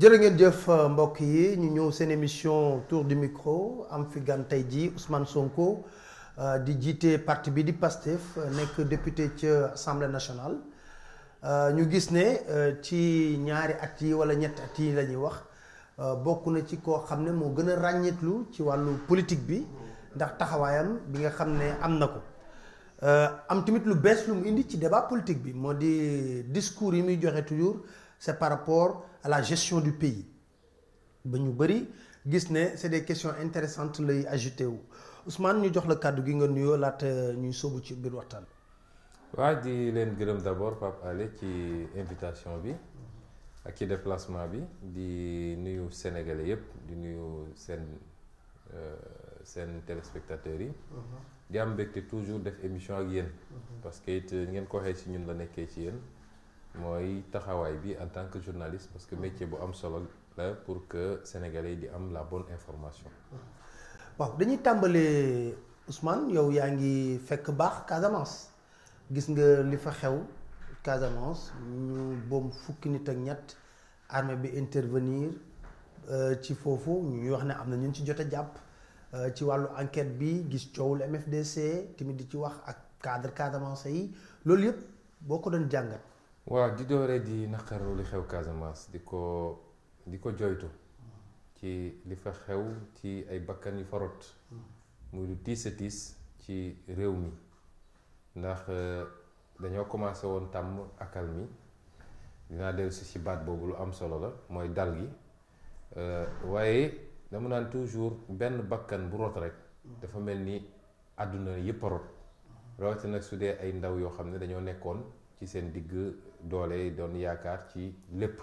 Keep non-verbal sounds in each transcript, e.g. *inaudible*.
jërë jëf mbokk émission tour du micro am fi Ousmane Sonko euh, di parti bi di PASTEF député ci assemblée nationale euh, ñu gis ne euh, ci ñaari at wala at yi la ñuy wax na ci koo xam ne moo gën a ci politique bi ndax taxawaayam bi nga xam ne am am tamit lu bees lu mu indi ci débat politique bi moo di discours yi muy toujours c'est par rapport à la gestion du pays ba ñu gis ne c'est des questions intéressantes lay ajouter. wu Ousmane ñu jox la kàddu gi nga nuyoo laata ñuy sóobu ci biir waxtaan. waaw di leen gërëm d'abord Pape Alé ci invitation bi ak ci déplacement bi di nuyu sénégalais yépp di nuyu seen euh, seen téléspectateurs yi. Mhm. di am mbégte toujours def émission ak yéen. Mhm. parce que it ngeen ko waxee ci ñun la nekkee ci yéen moy taxaway bi en tant que journaliste parce que métier bu am solo la pour que sénégalais di am la bonne information. waaw dañuy tambalé Ousmane yow yaa ngi fekk baax Casamance gis nga li fa xew Casamance ñu boom fukki nit ak ñett armée bi intervenir euh, ci foofu ñuy wax ne am na ñu ci jot a jàpp euh, ci wàllu enquête bi gis coowul MFDC tamit di ci wax ak cadre Casamance yi loolu yëpp boo ko doon jàngat. waaw di dooree di naqaru li xew Casamance di ko di ko joytu ci li fa xew ci ay bakkan yu farot muy lu tiis a tiis ci réew mi ndax eh, dañoo commencé woon tàmm akal mi dinaa dellu si ci baat boobu lu am solo la mooy dal gi eh, waaye dama naan toujours benn bakkan bu rot rek dafa mel ni àdduna yëpp a rot nag su dee ay ndaw yoo xam ne dañoo nekkoon ci seen digg doole doon yaakaar ci lépp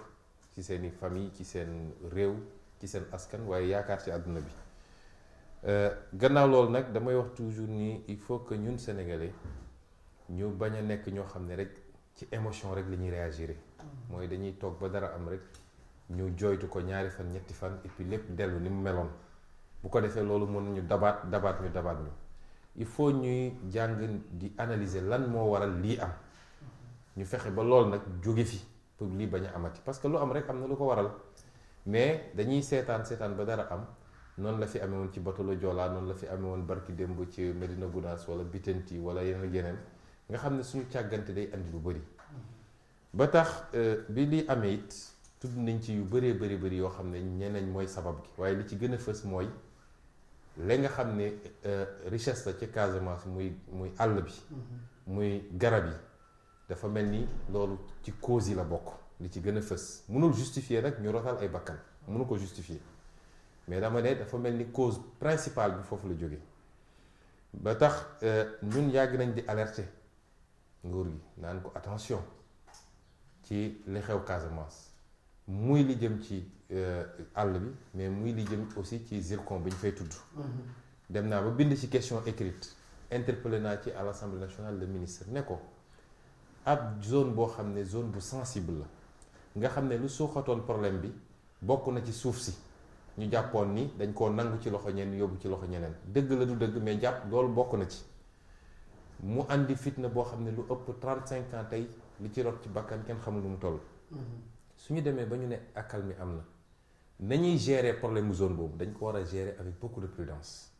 ci seen i famille ci seen réew ci seen askan waaye yaakaar ci àdduna bi euh, gannaaw loolu nag damay wax toujours ni il faut que ñun sénégalais ñu bañ a nekk ñoo xam ne rek ci émotion rek la ñuy réagir mooy dañuy toog ba dara am rek ñu joytu ko ñaari fan ñetti fan et puis lépp dellu ni mu meloon bu ko defee loolu mën ñu dabaat dabaat ñu dabaat ñu il faut ñuy jàng di analyser lan moo waral lii am. ñu fexe ba loolu nag jóge fi pour lii bañ a amati parce que lu am rek am na lu ko waral mais dañuy seetaan seetaan ba dara am noonu la fi amee woon ci batolo Joola noonu la fi amee woon barki démb ci Medina Gounass wala Bitenti wala yeneen yeneen nga xam ne suñu càggante day indi lu bëri. ba tax euh, bi li amee it tudd nañ ci yu bëree bëri bëri yoo xam ne ñeneen mooy sabab gi waaye li ci gën a fës mooy la nga xam ne euh, richesse sa ci Casamance muy muy àll bi. Mm-hmm. muy garab yi. dafa mel ni loolu ci cause yi la bokk li ci gën a fës mënul justifier nag ñu rotal ay bakkan mënu ko justifier mais dama ne dafa mel ni cause principale bi foofu la jóge ba tax euh, ñun yàgg nañ di alerter nguur gi naan ko attention ci li xew Casamance muy li jëm ci euh, àll bi mais muy li jëm aussi ci zircon bi ñu fay tudd mm-hmm. dem naa ba bind ci question écrite interpellé naa ci à l'Assemblée nationale le ministre ne ko ab zone boo xam ne zone bu sensible la nga xam ne lu suuxatoon problème bi bokk na ci suuf si ñu jàppoon ni dañ koo nangu ci loxo ñenn yóbbu ci loxo ñeneen dëgg la du dëgg mais jàpp loolu bokk na ci mu andi fitna boo xam ne lu ëpp 35 ans tey li ci rot ci bakkan kenn xamul lu mu toll. Mm-hmm. su ñu demee ba ñu ne accalmie am na na ñuy gérer problème mu zone boobu dañ ko war a gérer avec beaucoup de prudence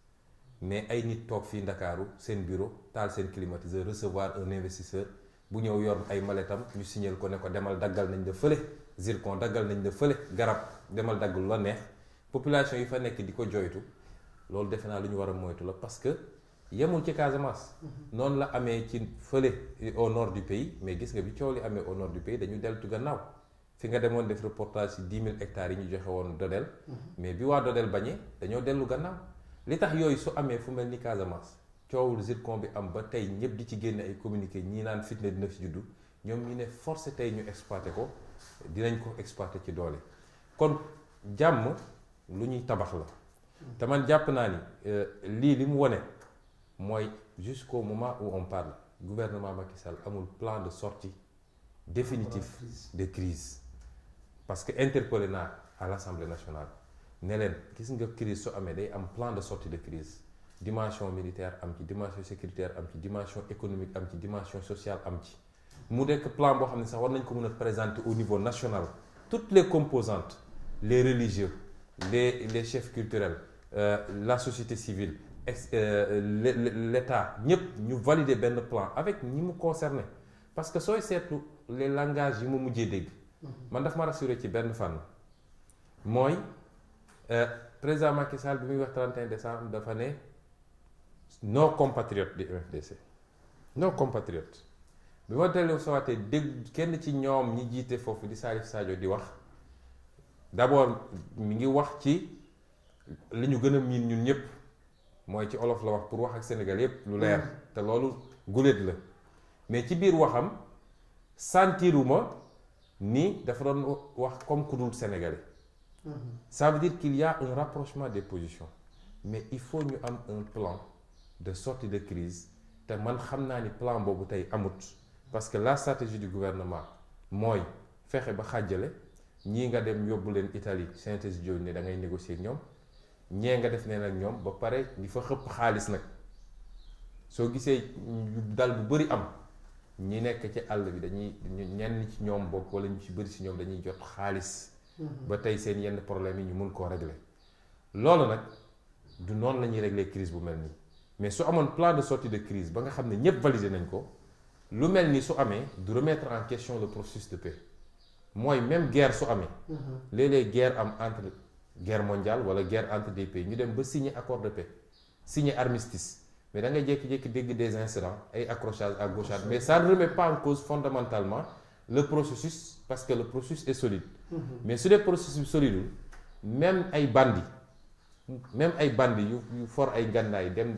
mais ay nit toog fii Ndakaaru seen bureau taal seen climatiseur recevoir un investisseur. bu ñëw yor ay maletam ñu signal ko ne ko demal daggal nañ de fële zircon daggal nañ de fële garab demal dagg lu la neex population yi fa nekk di ko joytu loolu defe naa lu ñu war a moytu la parce que yemul ci Casamance. Mhm. noonu la amee ci fële au nord du pays mais gis nga bi coow li amee au nord du pays dañu deltu gannaaw fi nga demoon def reportage ci dix mille hectares yi ñu joxe woon Dodel mhm. mais bi waa Dodel bañee dañoo dellu gannaaw li tax yooyu su amee fu mel ni Casamance coowul zircon bi am ba tey ñëpp di ci génne ay communiqué ñii naan fitna dina fi juddu ñoom ñu ne forcé tey ñu exploité ko dinañ ko exploité ci doole kon jàmm lu ñuy tabax la te man jàpp naa ni euh, lii li mu wone mooy jusqu'au moment où on parle gouvernement Macky Sall amul plan de sortie définitif de crise parce que interpellé naa à l'Assemblée nationale ne leen gis nga crise su amee day am plan de sortie de crise dimension militaire am dimension sécuritaire am dimension économique am dimension sociale am ci mu nekk plan boo xam ne sax war nañ ko au niveau national toutes les composantes les religieux les les chefs culturels euh, la société civile euh, l'État ñëpp ñu valider plan avec ñi mu concerné parce que sooy c'est les langages yi mu mujjee dégg mhm. man daf ma rassuré ci benn fànn mooy euh, président Macky Sall bi muy wax 31 décembre nos compatriotes du e FDC. nos compatriotes Mais vous vous dit que kenn ci que ñi avez dit d'abord mi ngi wax ci li ñu dit ñun olof la wax pour les ak Sénégal lu leer mm. mais ni dafa comme les sénégalais mm-hmm. ça veut dire qu'il y a un rapprochement des positions mais il faut ñu un plan de sortie de crise te man que plan amut parce que la stratégie du gouvernement c'est faire ba des ñi nga dem yóbbu Italie Synthèse Diop ne da ngay négocier ak ñoom nga def choses nag ba pare di fa dal bu am ñi nekk ci àll bi dañuy ñenn ci ñoom bopp wala ci bëri si ñoom dañuy jot xaalis. Mm-hmm. ba seen yenn problème ñu mun koo régler. du noonu la crise bu mais su un plan de sortie de crise ba nga xam ne ñëpp valider nañ ko lu mel ni su amee de remettre en question le processus de paix mooy même guerre su amee. Mhm. léeg-léeg guerre am entre guerre mondiale wala guerre entre des pays ñu dem ba signer accord de paix signer armistice mais da ngay jékki-jékki dégg des incidents ay accrochages à gauche mais ça ne remet pas en cause fondamentalement le processus parce que le processus est solide. Mhm. mais su dee processus solide même ay bandits même ay bandits yu yu for ay gànnaay dem.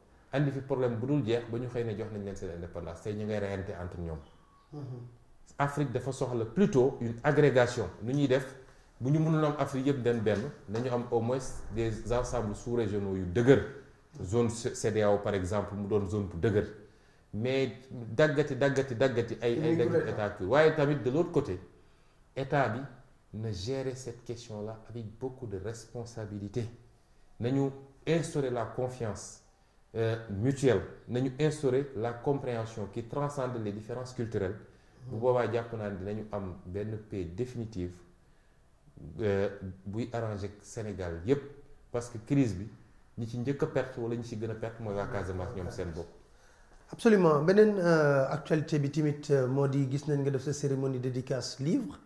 andi fi problème bu dul jeex ba ñu xëy ne jox nañ leen seen indépendance tey ñu ngay reyante entre ñoom. Mm-hmm. Afrique dafa soxla plutôt une agrégation nu ñuy def bu ñu mënul am Afrique yëpp den benn nañu am au moins des ensembles sous-régionaux yu dëgër. zone CDAO par exemple mu doon zone bu dëgër mais daggati daggati daggati ay ay daggati état ki waaye tamit de l'autre côté état bi na gérer cette question là avec beaucoup de responsabilité nañu instaurer la confiance euh, Nous avons instaurer la compréhension qui transcende les différences culturelles bu boobaa dire que nous am paix définitive pour euh, arranger Sénégal parce que la crise nous ne ci que perte wala ñi ci gën a perte mooy Une absolument euh, actualité bi la cérémonie euh, di gis nañ nga dédicace livre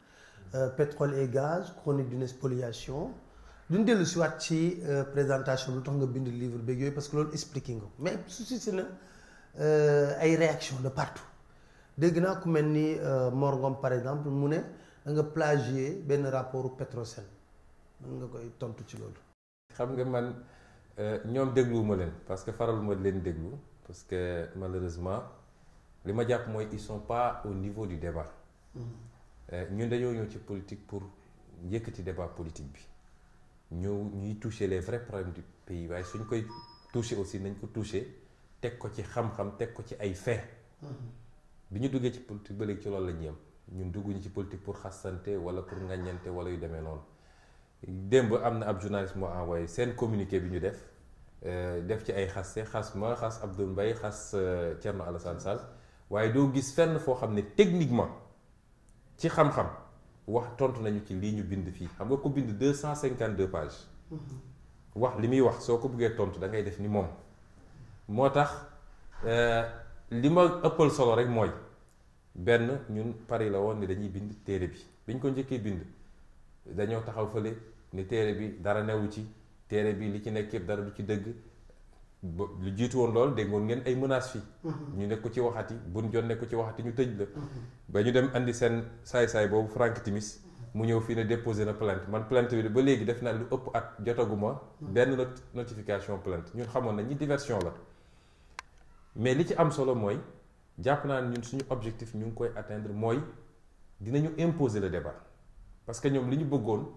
pétrole et gaz chronique d'une spoliation duñ dellu si waat ci euh, présentation lu tax nga bind livre beeg yooyu parce que loolu expliqué nga mais suscité na euh, ay réaction de partout dégg naa ku mel ni euh, Morgan par exemple mu ne da nga plagier benn rapportu Petrosen mën nga koy tontu ci loolu. xam nga man ñoom dégluwuma leen parce que faraluma leen déglu parce que malheureusement li ma jàpp mooy ils sont pas au niveau du débat mm. ñun dañoo ñëw ci politique pour yëkkati débat politique bi ñëw ñuy toucher les vrais problèmes du pays waaye suñ koy toucher aussi nañ ko toucher teg ko ci xam-xam teg ko ci ay fait mm-hmm. bi ñu duggee ci politique ba léegi ci loolu la ñu yem ñun dugguñu ci politique pour xasante wala pour ngañante wala yu demee noonu démb am na ab journaliste moo envoyé seen communiqué bi ñu def euh, def ci ay xaste xas ma xas Abdoul Mbaye xas euh, Thierno Alassane Sall waaye doo gis fenn foo xam ne techniquement ci xam-xam wax tontu nañu ci lii ñu bind fii xam nga ko bind deux cent cinquante deux pages mm-hmm. wax li muy wax soo ko bëggee tontu da ngay def ni moom moo tax euh, li ma ëppal solo rek mooy benn ñun pari la woon ni dañuy bind téere bi biñ ko njëkkee bind dañoo taxaw fële ni téere bi dara newu ci téere bi li ci nekk yëpp dara du ci dëgg ba lu jiitu woon loolu déggoon ngeen ay menaces fii. Mhm. ñu nekku ko ci waxati bu joon nekk ko ci waxati ñu tëj la. Mhm. ba ñu dem indi seen saay-saay boobu Frank Timis. mu ñëw fii ne déposé na plainte man plant bi ba léegi def naa lu ëpp at jotaguma. Mhm. benn notification plainte ñun xamoon na ñi diversion la. mais li ci am solo mooy jàpp naa ne ñun suñu objectif ñu ngi koy atteindre mooy dinañu imposer le débat parce que ñoom li ñu bëggoon.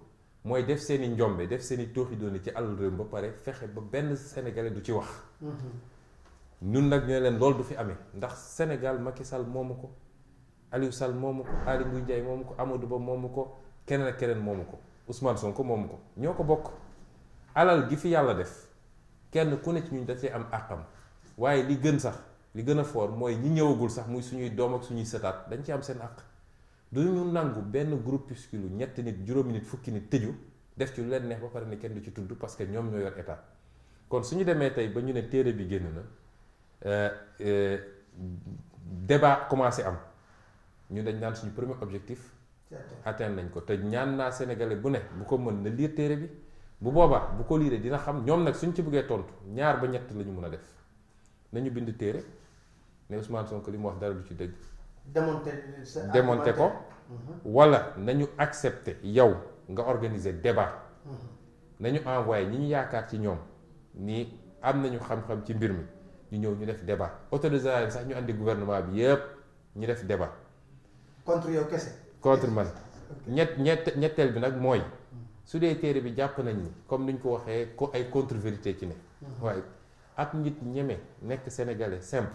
mooy def seen i njombe def seen i tooxidooni ci alal réew ba pare fexe ba benn sénégalais du ci wax mhm. ñun nag ñoo leen lool du fi amee ndax Sénégal Macky sal moomu ko Aliou sal moomu ko Aly Ngouille Ndiaye moomu ko Amadou Ba moomu ko keneen keneen moomu ko Ousmane Sonko moomu ko ñoo ko bokk alal gi fi yàlla def kenn ku ne ci ñu da cee am àqam waaye li gën sax li gën a foor mooy ñi ñëwagul sax muy suñuy doom ak suñuy sëtaat dañ ci am seen àq duñu nangu benn groupuscule ñetti nit juróomi nit fukki nit tëju def ci lu leen neex ba pare ne kenn du ci tudd parce que ñoom ñoo yor état kon suñu demee tey ba ñu ne téere bi génn na euh, euh, débat commencé am ñu dañ naan suñu premier objectif atteindre nañ ko te ñaan naa sénégalais bu ne bu ko mën na lire téere bi bu boobaa bu ko liiree dina xam ñoom nag suñ ci bëggee tontu ñaar ba ñett lañu ñu def nañu bind téere ne Ousmane Sonko li mu wax dara du ci dëgg démonter ko mmh. wala nañu accepter yow nga organiser débat mmh. nañu envoyer ñi ñu yaakaar ci ñoom ni am nañu xam-xam ci mbir mi ñu ñëw ñu def débat autorité naa sax ñu andi gouvernement bi yëpp ñu def débat. contre yow kese. contre man ñett ñett ñetteel bi nag mooy mmh. su dee téere bi jàpp nañ ni comme ni ko waxee ko ay contre vérité ci ne. waaye ak nit ñeme nekk sénégalais simple.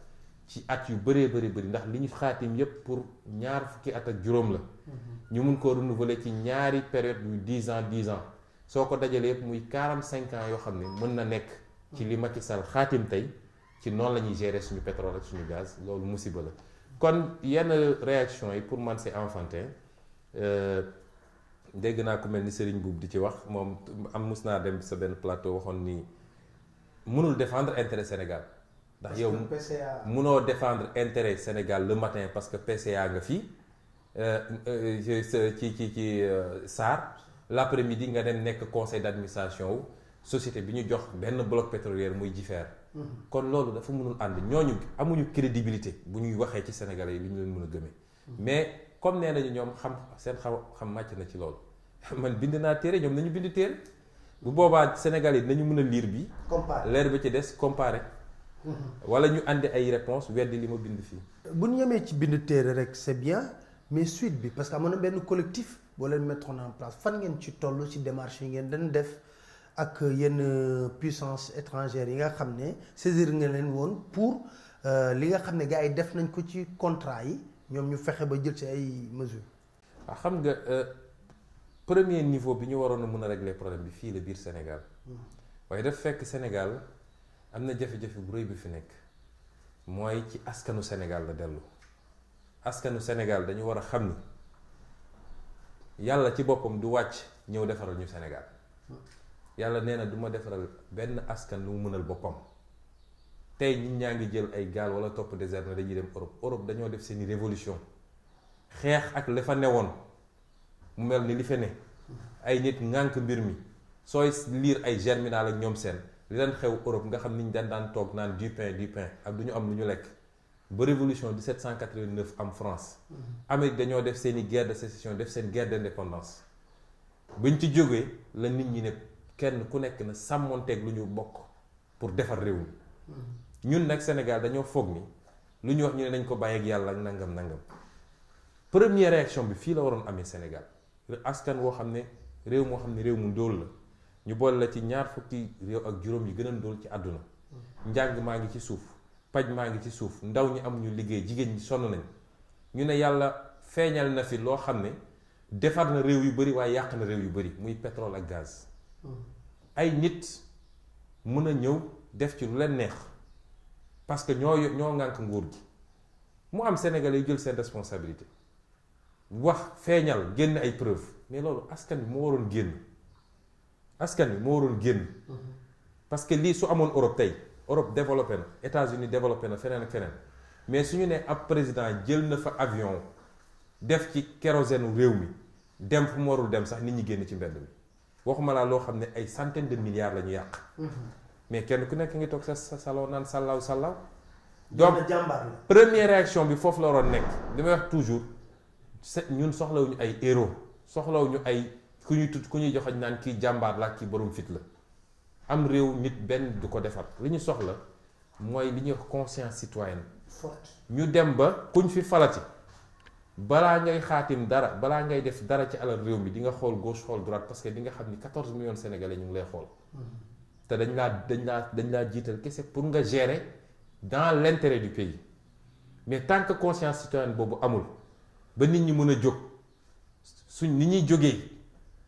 ci at yu bëree bëri bëri ndax li ñu xaatim yépp pour ñaar fukki at ak juróom la mhm. ñu mun koo renouveler ci ñaari période yu dix ans dix ans soo ko dajalee yépp muy quarante cinq ans yoo xam ne mën na nekk ci li Macky Sall xaatim tey ci noonu la ñuy gérer suñu pétrole ak suñu gaz loolu musiba la kon yenn réaction yi pour man c'est enfantin euh, dégg naa ku mel ni Serigne Boub di ci wax moom am mus naa dem sa benn plateau waxoon nii mënul defendre intérêt Sénégal ndax yow munoo défendre intérêt Sénégal le matin parce que PCA nga fii euh, euh, euh, l'après-midi nga dem un conseil d'administration La société bi ñu jox bloc pétrolier muy jifeer mhm. kon loolu dafa mënul ñooñu amuñu crédibilité bu ñuy Sénégalais mhm. mais comme nee nañu xam seen xam xam na ci loolu *laughs* man Sénégal bi comparé wala ñu andi ay réponse weddi li ma bind fii. bu ñu yemee ci bind téere rek c'est bien mais suite bi parce que amoon na benn collectif boo leen mettre en place fan ngeen ci toll ci démarche yi ngeen dañ def ak yenn euh, puissance étrangère yi nga xam ne saisir nga leen woon pour euh, li nga xam ne gars yi def nañ ko ci contrat yi ñoom ñu fexe ba jël ci ay mesures. Ah, xam nga euh, premier niveau bi ñu waroon a mën a régler problème bi fii la biir Sénégal hmm. waaye daf fekk Sénégal. am na jafe-jafe bu rëy bi fi nekk mooy ci askanu senegal la dellu askanu senegal dañu war a xam ni yàlla ci boppam du wàcc ñëw defaral ñu senegal yàlla nee na du defaral benn askan lu mu mënal boppam tey ñun ñaa ngi jël ay gaal wala topp désert na dañuy dem Europe Europe dañoo def seeni révolution xeex ak li fa newoon mu mel ni li fa ne ay nit ngànk mbir mi sooy liir ay germinal ak ñoom seen Les gens xew Europe nga xam ni ñu daan naan du pain du pain ak 1789 en France mhm. Amérique dañoo def guerre de sécession def seen guerre d' indépendance buñ ci jógee la ne kenn ku nekk na pour defar réew mi mhm. ñun nag Sénégal dañoo foog ni lu wax ñu ne première réaction bi la Sénégal askan woo xam ne réew ne ñu boole la ci ñaar fukki réew ak juróom yi gën a ndóol ci àdduna njàng maa ngi ci suuf paj maa ngi ci suuf ndaw ñi amuñu liggéey jigéen ñi sonn nañ ñu ne yàlla feeñal na fi loo xam ne defar na réew yu bëri waaye yàq na réew yu bëri muy pétrole ak gaz ay nit mun a ñëw def ci lu leen neex parce que ñoo ñoo ŋànk nguur gi mu am Sénégalais yu jël seen responsabilité wax feeñal génn ay preuve mais loolu askan bi moo waroon génn askan que nous waroon parce que lii su amoon Europe Europe États-Unis développé mais si nous, sommes président jël na fa avion def ci kérosène réew mi dem fu dem sax nit ñi ci de milliards mais kenn ku nekk ngi sa salon première réaction bi foofu la waroon wax toujours ñun ay héros ku ñuy tudd ku ñuy joxañ naan kii jàmbaar la kii borom fit la am réew nit benn du ko defar li ñu soxla mooy li ñu wax conscience citoyenne ñu dem ba kuñ fi falati balaa ngay xaatim dara balaa ngay def dara ci alal réew mi di nga xool gauche xool droite parce que di nga xam ni 14 millions sénégalais ñu ngi lay xool mm-hmm. te dañ laa dañ laa dañ laa jiital kese pour nga gérer dans l' du pays mais tant que conscience citoyenne boobu amul ba nit ñi mën a jóg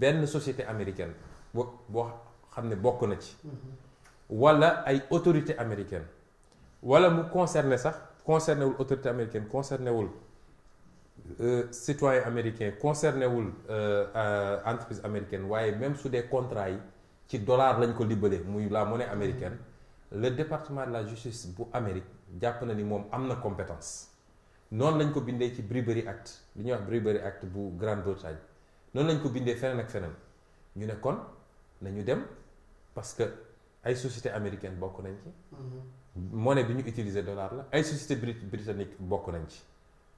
une société américaine bo une xam ne ci mhm. wala autorité américaine wala mu concerne sax concerné l'autorité américaine concerné euh, citoyen américain euh, euh, entreprise américaine même sous des contrats qui ci lañ ko la monnaie américaine mhm. le département de la justice bu Amérique une na ni moom a compétence Non, lañ ko Bribery Act li Bribery Act bu Grande-Bretagne noonu lañ ko bindee feneen ak feneen ñu ne kon nañu dem parce que ay société américaine bokk nañ ci mm-hmm. monnaie bi ñu utiliser dollar la ay société britannique bokk nañ ci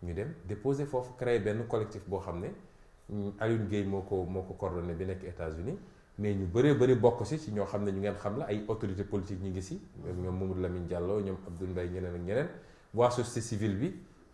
ñu dem déposer foofu créer benn collectif boo xam ne Alioune Guèye moo ko moo ko coordonné bi nekk États-Unis mais ñu bëree bëri bokk si ci ñoo xam ne ñu ngeen xam la ay autorités politiques ñu ngi si ñoom mm-hmm. Mamadou Lamine Diallo ñoom Abdoul Mbaye ñeneen ak ñeneen waa société civile bi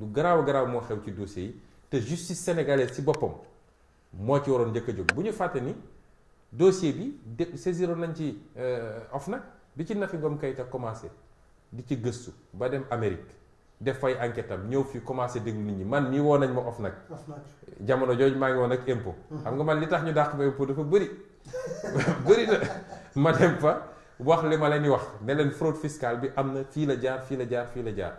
lu grave grave moo xew ci dossier yi te justice sénégalaise ci boppam moo ci ni dossier bi de nañ ci euh, bi ci Nafi commencé di ci Amérique def fay enquête fi commencé nit ñi man mi nañ ma jamono ngi xam nga man li tax ñu dafa *laughs* na ma dem fa fraude fiscale bi am na la jaar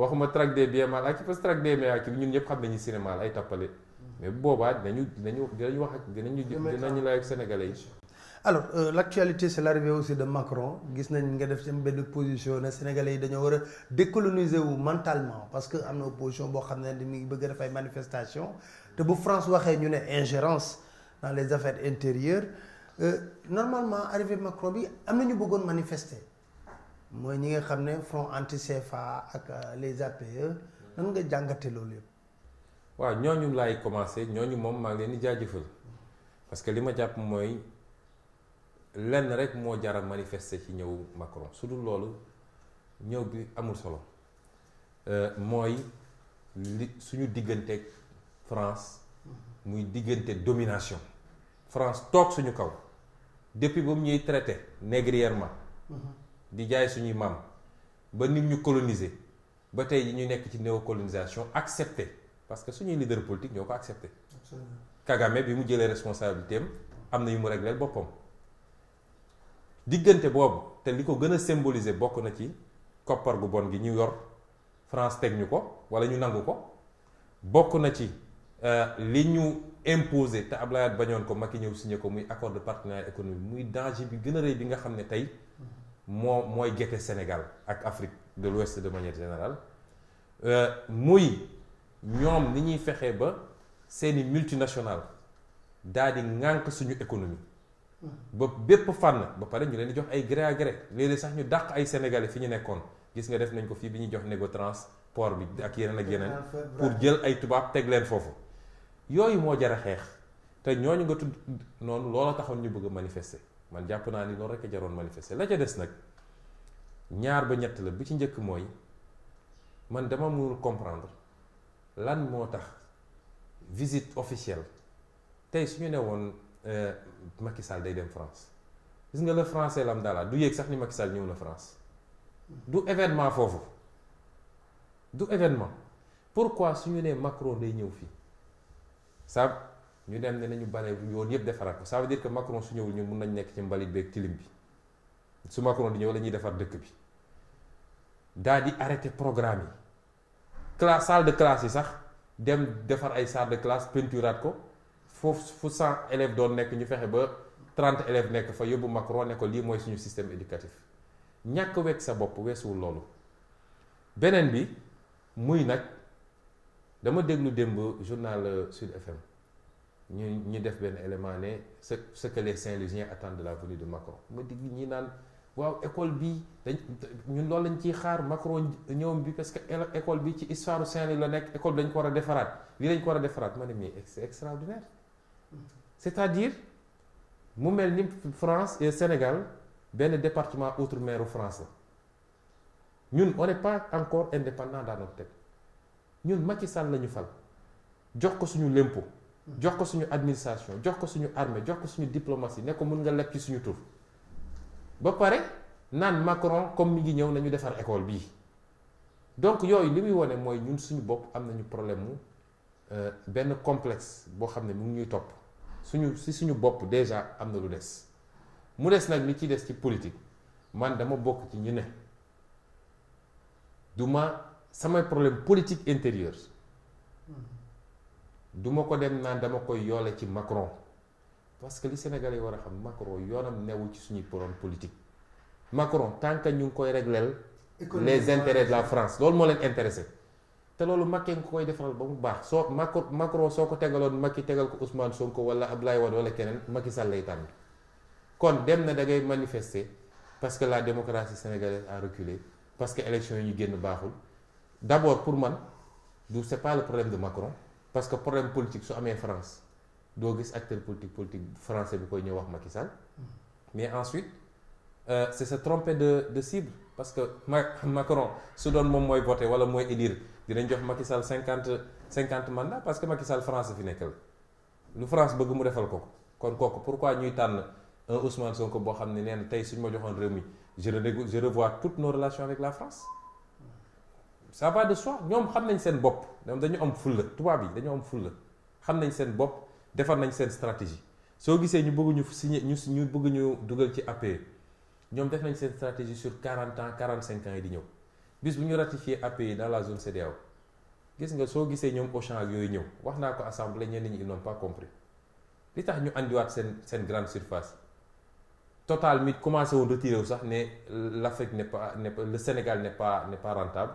waxuma track des biens ak acquis parce track des biens acquis ñun ñëpp xam nañu cinéma la ay tappale mais boobaa dinañu dinañu dinañu wax ak dinañu dinañu laaj ak sénégalais yi alors euh, l'actualité c'est l'arrivée aussi de Macron gis nañ nga def ci benn position ne sénégalais yi dañoo war a décoloniser wu mentalement parce que am na opposition boo xam ne mi ngi bëgg a def ay manifestation te bu France waxee ñu ne ingérence dans les affaires intérieures euh, normalement arrivée Macron bi am na ñu bëggoon manifester mooy ñi nga xam ne front anti CFA ak euh, les APE. nan nga jàngate loolu yëpp. waaw ñooñu laay commencé ñooñu moom maa ngi leen di jaajëfal parce que li ma jàpp mooy lenn rek moo jar a manifester ci ñëw Macron su dul loolu ñëw bi amul solo euh, mooy li suñu digganteeg France muy diggante domination. France toog suñu kaw depuis ba mu ñuy traité négrièrement. Mhm. di jaay suñuy mam ba nit ñu coloniser ba tey ñu nekk ci néocolonisation accepté parce que suñuy leader politique ñoo ko accepté. Kagame bi mu jëlee responsabilité am am na yu mu réglé boppam diggante boobu te li ko gën a symboliser bokk na ci koppar gu bon gi ñu yor France teg ñu ko wala ñu nangu ko bokk na ci euh, li ñu imposé te Ablaye bañoon ko maki ñëw signé ko muy accord de partenariat économique muy danger bi gën a rëy bi nga xam ne tey. moo mooy gete Sénégal ak Afrique de l'Ouest de manière générale euh, muy ñoom ni ñuy fexee ba seeni multinational daal di ŋànk suñu économie ba bépp fànn ba pare ñu leen di jox ay gré à gré léeg-léeg sax ñu dàq ay sénégalais fi ñu nekkoon gis nga def nañ ko fii bi ñuy jox trans port bi ak yeneen ak yeneen pour jël ay tubaab teg leen foofu yooyu moo jar a xeex te ñooñu nga tudd noonu loola taxoon ñu bëgg manifester man jàpp naa ni loolu rek a jaroon manifester la ca des nag ñaar ba ñett la bi ci man dama comprendre visite officielle tey euh, Macky day France gis nga le français la du sax ni ñëw France du événement pourquoi suñu vous que Macron day ça ñu dem ne nañu bale yoon yëpp defaraat ko ça veut dire que Macron su ñëwul ñun mun nañ nekk ci mbalit beeg tilim bi su Macron di ñëw la ñuy defar dëkk bi daal di arrêté programme yi classe salle de classe yi sax dem defar ay salle de classe peinturaat ko foofu fu cent élèves doon nekk ñu fexe ba trente élèves nekk fa yóbbu Macron ne ko lii mooy suñu système éducatif ñàkk wekk sa bopp weesuwul loolu beneen bi muy nag dama déglu démb journal euh, Sud FM ñu ñu def benn élément ne ce que les Saint-Louisiens attendent de la venue de Macron ma dig ñi naan waaw école bi ñun loolu lañ ciy xaar Macron ñoom bi parce que école bi ci histoire Saint-Louis la nekk école bi dañ ko war a defaraat lii dañ ko war a defaraat mais c'est extraordinaire c'est-à-dire mu mel ni France et Sénégal benn département outre-mer France ñun on n'est pas encore indépendant dans notre tête ñun Macky Sall la ñu fal jox ko suñu lempo jox ko suñu administration jox ko suñu armée jox ko suñu diplomatie ne ko mën nga lepp ci suñu tour ba pare naan Macron comme mi ngi ñëw nañu defar école bii donc yooyu li muy wane mooy ñun suñu bopp am nañu problème mu euh, benn complexe boo xam ne mu ngi ñuy topp suñu si suñu bopp déjà am na lu des mu des nag li ci des ci politique man dama bokk ci ñu ne du samay problème politique intérieur hmm duma ko dem naan dama koy yoole ci Macron parce que li Sénégalais war a xam Macron yoonam newu ci suñu problème politique Macron tant que ñu ngi koy régleel les intérêts de la France loolu moo leen intéressé te loolu Macky nga koy defaral ba mu baax soo Macron Macron soo ko tegaloon Macky tegal ko Ousmane Sonko wala Abdoulaye wad wala keneen Macky Sall lay tànn kon dem na da ngay manifester parce que la démocratie sénégalaise a reculé parce que élection yi ñu génn baaxul d' abord pour man du c' est pas le problème de Macron parce que problème politique su amee France doo gis acteur politique politique français bi koy ñëw wax Macky mm. mais ensuite euh, c'est se tromper de cible parce que Macron su doon moom mooy voté wala mooy élire dinañ jox Macky Sall 50 50 mandats parce que Macky Sall France fi nekkal lu France bëgg mu defal ko kon kooku pourquoi nous tànn un Ousmane Sonko boo xam ne je revois toutes nos relations avec la France ça va de soi ñoom xam nañ seen bopp ñoom dañu am fulla tubaab yi dañu am fulla xam nañ seen bopp defar nañ seen stratégie soo gisee ñu bëgg ñu signé ñu ñu bëgg ñu dugal ci APE ñoom def nañ seen stratégie sur 40 ans 45 ans yi di ñëw bis bu ñu ratifié APE dans la zone CEDEAO gis nga soo gisee ñoom au champ yooyu ñëw wax naa ko assemblée ñenn ñi ils n'ont pas compris li tax ñu andiwaat seen seen grande surface Total mi commencé woon retiré wu sax ne l'Afrique n'est pas n'est pas le Sénégal n'est pas n'est pas rentable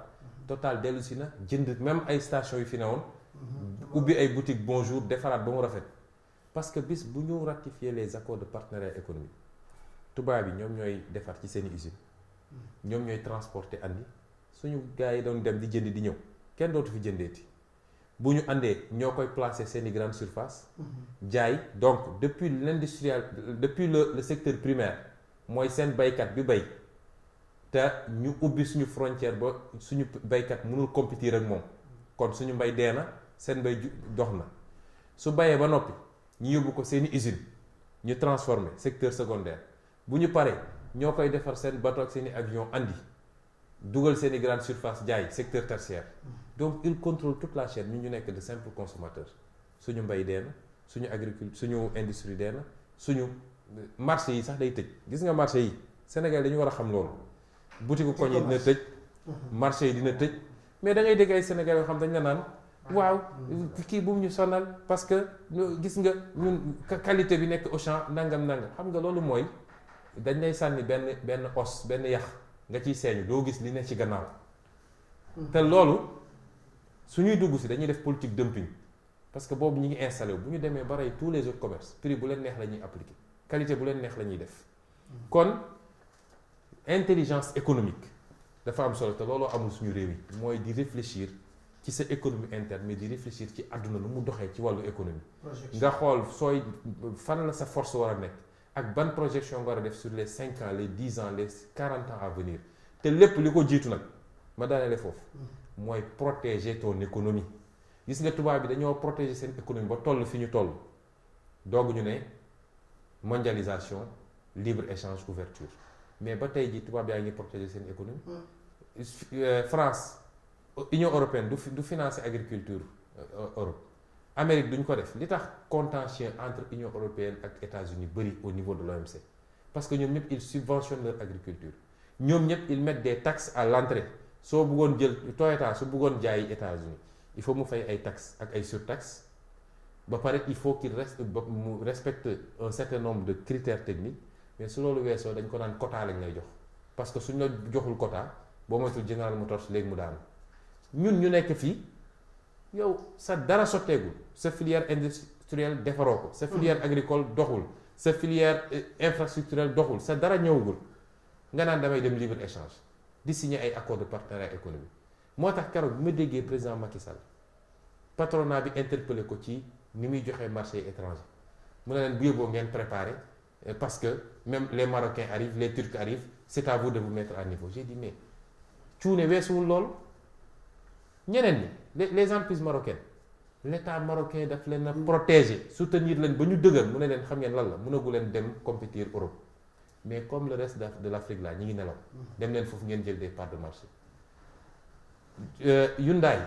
total dellu si na jënd même ay station yu fi newoon mhm. ubbi ay boutique bonjour defaraat ba mu rafet parce que bis bu ñu ratifier les accords de partenariat économique tubaab bi ñoom ñooy defar ci seeni usine mhm. ñoom ñooy transporter andi suñu gars yi doon dem di jënd di ñëw kenn dootu fi jëndeeti bu ñu àndee ñoo koy placer seeni grande surface mhm. jaay donc depuis l'industriel depuis le secteur primaire mooy seen baykat bi bay te ñu ubbi suñu frontière ba suñu baykat mënul compétir ak moom kon suñu mbay dee na seen mbay dox na su bayee ba noppi ñu yóbbu ko usine ñu transformer secteur secondaire bu ñu paree ñoo koy defar seen bateau ak seeni avion andi dugal seen grande surface jaay secteur tertiaire donc il contrôle toute la chaîne ñu ñu nekk de simple consommateur suñu mbay dee na suñu agriculture suñu industrie dee na suñu euh, marché yi sax day tëj gis nga marché yi Sénégal dañu war a xam loolu boutique koñ yi dina tëj. marché dina tëj. mais da ngay dégg ay Sénégal yoo xam dañ la naan. Ah. waaw hmm. ki bu ñu sonal parce que gis nga ñun qualité bi nekk champ nangam nangam xam nga loolu mooy dañ lay sànni benn benn os benn yax nga ciy seeñu doo gis li ne ci gannaaw. Hmm. te loolu suñuy dugg si dañuy def politique dumping parce que boobu ñu ngi installé wu bu ñu demee ba rey tous les autres commerces prix bu leen neex la ñuy qualité bu leen neex la ñuy def hmm. kon intelligence économique La femme solo le tableau amul suñu réew yi réfléchir ci c'est économie interne mais di réfléchir ci a lu mu doxee ci qui économie nga D'accord. Soit fan la sa force war a ak ban projection sur les 5 ans les 10 ans les 40 ans à venir te ce li ko jiitu nag Madame daaneele foofu mm. protéger ton économie gis nga tubaab bi protéger cette économie ba toll fi ñu toll ñu mondialisation libre échange ouverture mais ba tey jii tubaab yaa ngi protéger économie. Hmm. Euh, France Union européenne du du financer agriculture euh, euh, Europe. Amérique duñ ko def li entre Union européenne les États-Unis bëri au niveau de l'OMC parce que ñoom ñëpp ils subventionnent leur agriculture ils mettent des taxes à l'entrée soo bëggoon jël Toyota su bëggoon États-Unis il faut mu fay ay taxes ak ay surtaxes ba il faut qu'ils reste un certain nombre de critères techniques. mais su loolu weesoo dañ ko naan quota lañ lay jox parce que suñ la joxul quota boo moytul general motors léegi mu daanu ñun ñu nekk fii yow sa dara sotteegul sa filière industrielle defaroo ko sa filière hmm. agricole doxul sa filière eh, infrastructurelle doxul sa dara ñëwagul nga naan damay dem libre échange di signer ay accord de partenariat économique moo tax keroog bi ma déggee président Macky Sall patronat bi interpellé ko ci ni muy joxe marché étranger mu ne leen bu ngeen préparé parce que même les Marocains arrivent, les Turcs arrivent, c'est à vous de vous mettre à niveau. J'ai dit, mais tu veux pas Lol, les, les entreprises marocaines, l'État marocain doit leen mm. protéger soutenir les gens, ñu ne xam ngeen lan la Europe mais comme le reste de l'Afrique là ñi ngi nelaw mm. dem leen des parts de marché euh, Hyundai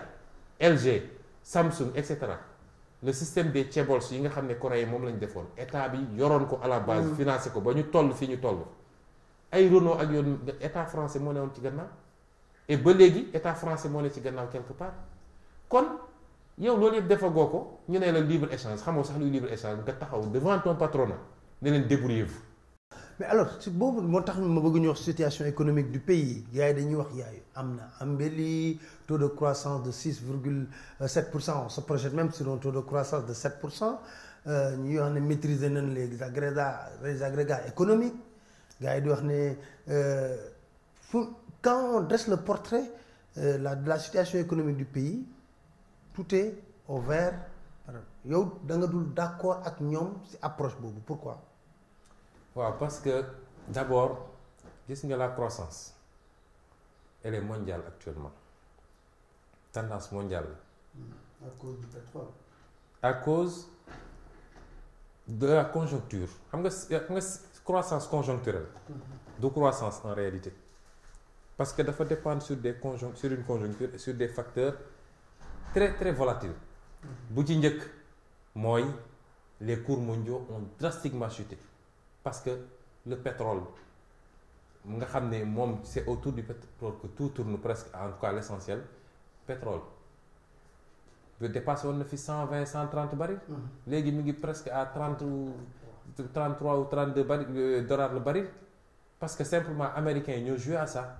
LG Samsung etc., le système des chaebols yi nga xam ne Corée moom lañ defoon état bi yoroon ko à la base. Mm. financé ko ba ñu toll fii ñu toll. ay Renault ak yoon état français moo ne woon ci gannaaw et ba léegi état français moo ne ci gannaaw quelque part kon yow loolu yëpp defagoo ko ñu ne la libre échange xamoo sax luy libre échange nga taxaw devant ton patronat ne leen débrouillez-vous mais alors si vous avez tax la situation économique du pays gars yi a wax y un taux de croissance de 6,7%. on se projette même sur un taux de croissance de 7%. Nous avons maîtrisé les agrégats économiques euh, quand on dresse le portrait de euh, la situation économique du pays tout est au vert yow da d'accord avec approche pourquoi parce que d'abord la croissance elle est mondiale actuellement tendance mondiale hmm, à cause du pétrole. à cause de la conjoncture nga croissance conjoncturelle. Hmm. de croissance en réalité. parce que dafa dépendre sur des sur une conjoncture sur des facteurs très très volatiles. Hmm. bu ci les cours mondiaux ont drastiquement chuté parce que le pétrole c'est autour du pétrole que tout tourne presque en tout cas l'essentiel pétrole il dépasse 120, 130 barils. Les cent mhm. presque à 30 ou 32 ou 32 euh, dollars le baril parce que simplement les américains ont à ça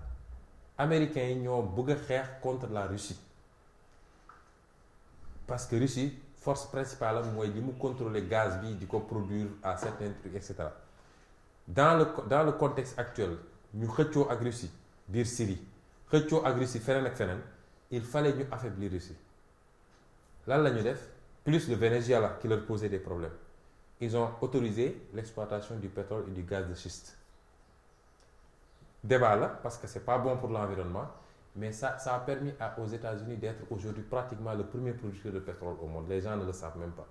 les américains ont contre la Russie parce que la Russie force principale est de contrôler gaz bi produire à certains trucs etc dans le dans le contexte actuel nous avons ak Russie Syrie Russie il fallait nous affaiblir Russie Là, nous avons fait, plus le Venezuela qui leur posait des problèmes ils ont autorisé l'exploitation du pétrole et du gaz de schiste débat là parce que n'est pas bon pour l'environnement mais ça ça a permis à, aux États-Unis d'être aujourd'hui pratiquement le premier producteur de pétrole au monde les gens ne le savent même pas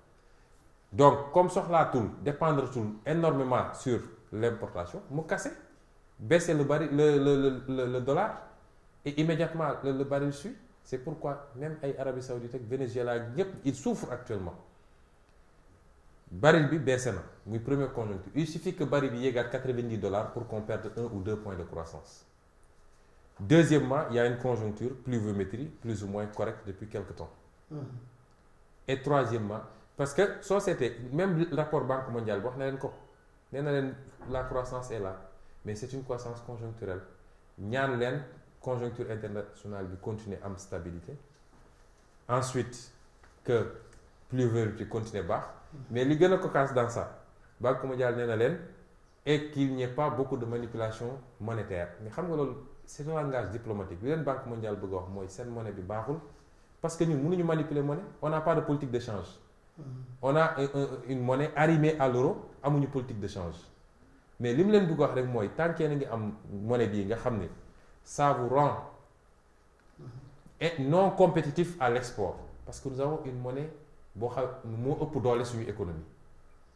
donc comme tout dépendre tout énormément sur l'importation, me casser, baisser le, baril, le, le, le, le, dollar et immédiatement le, baril suit. C'est pourquoi même l'Arabie Saoudite et Venezuela, ils souffrent actuellement. baril bi baissé première conjoncture il suffit que baril bi à dollars pour qu'on perde un ou deux points de croissance deuxièmement il y a une conjoncture pluviométrie plus ou moins correcte depuis quelques temps mm-hmm. et troisièmement parce que ça c'était, même rapport Banque mondiale on la croissance est là mais c'est une croissance conjoncturelle ñaan la conjoncture internationale bi continuer am stabilité ensuite que plus continuer bas. mais li gën a cocasse dans ça Banque mondiale est là et qu'il n'y ait pas beaucoup de manipulation monétaire mais c'est un langage diplomatique La Banque mondiale bëgg là wax monnaie bi baaxul parce que nous, manipulons manipuler monnaie on n'a pas de politique d'échange mm-hmm. on a une monnaie arrimée à l'euro une politique de change mais li mu leen bëgg wax tant que est en am monnaie bien nga xam ça vous rend non compétitif à l'export parce que nous avons une monnaie pour xam moo ëpp doole suñu économie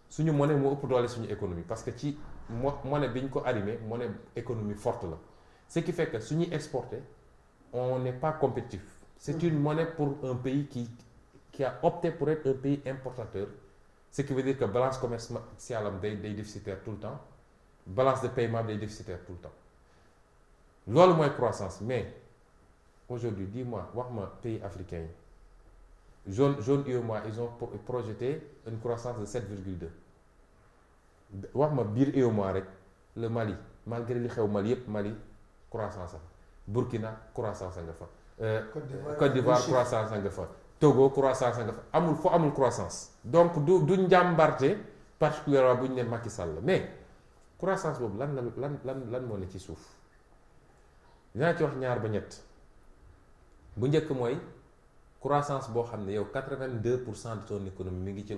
suñu monnaie pour ëpp doole suñu économie parce que ci monnaie bien qu'on ko monnaie économie forte la ce qui fait que suñu exporter on n'est pas compétitif c'est mm-hmm. une monnaie pour un pays qui qui a opté pour être un pays importateur ce qui veut dire que balance commerciale est déficitaire tout le temps balance de paiement est déficitaire tout le temps moins la croissance mais aujourd'hui dis-moi les pays africain Jaune et zone ils ont projeté une croissance de 7,2 wax ma Bir UEMOA le Mali malgré li le Mali le Mali croissance Burkina croissance euh, Côte d'Ivoire croissance Togo croissance nga amul croissance donc du jambarde particulièrement mais croissance la croissance lan lan moo ne ci croissance bo de ton économie mi ngi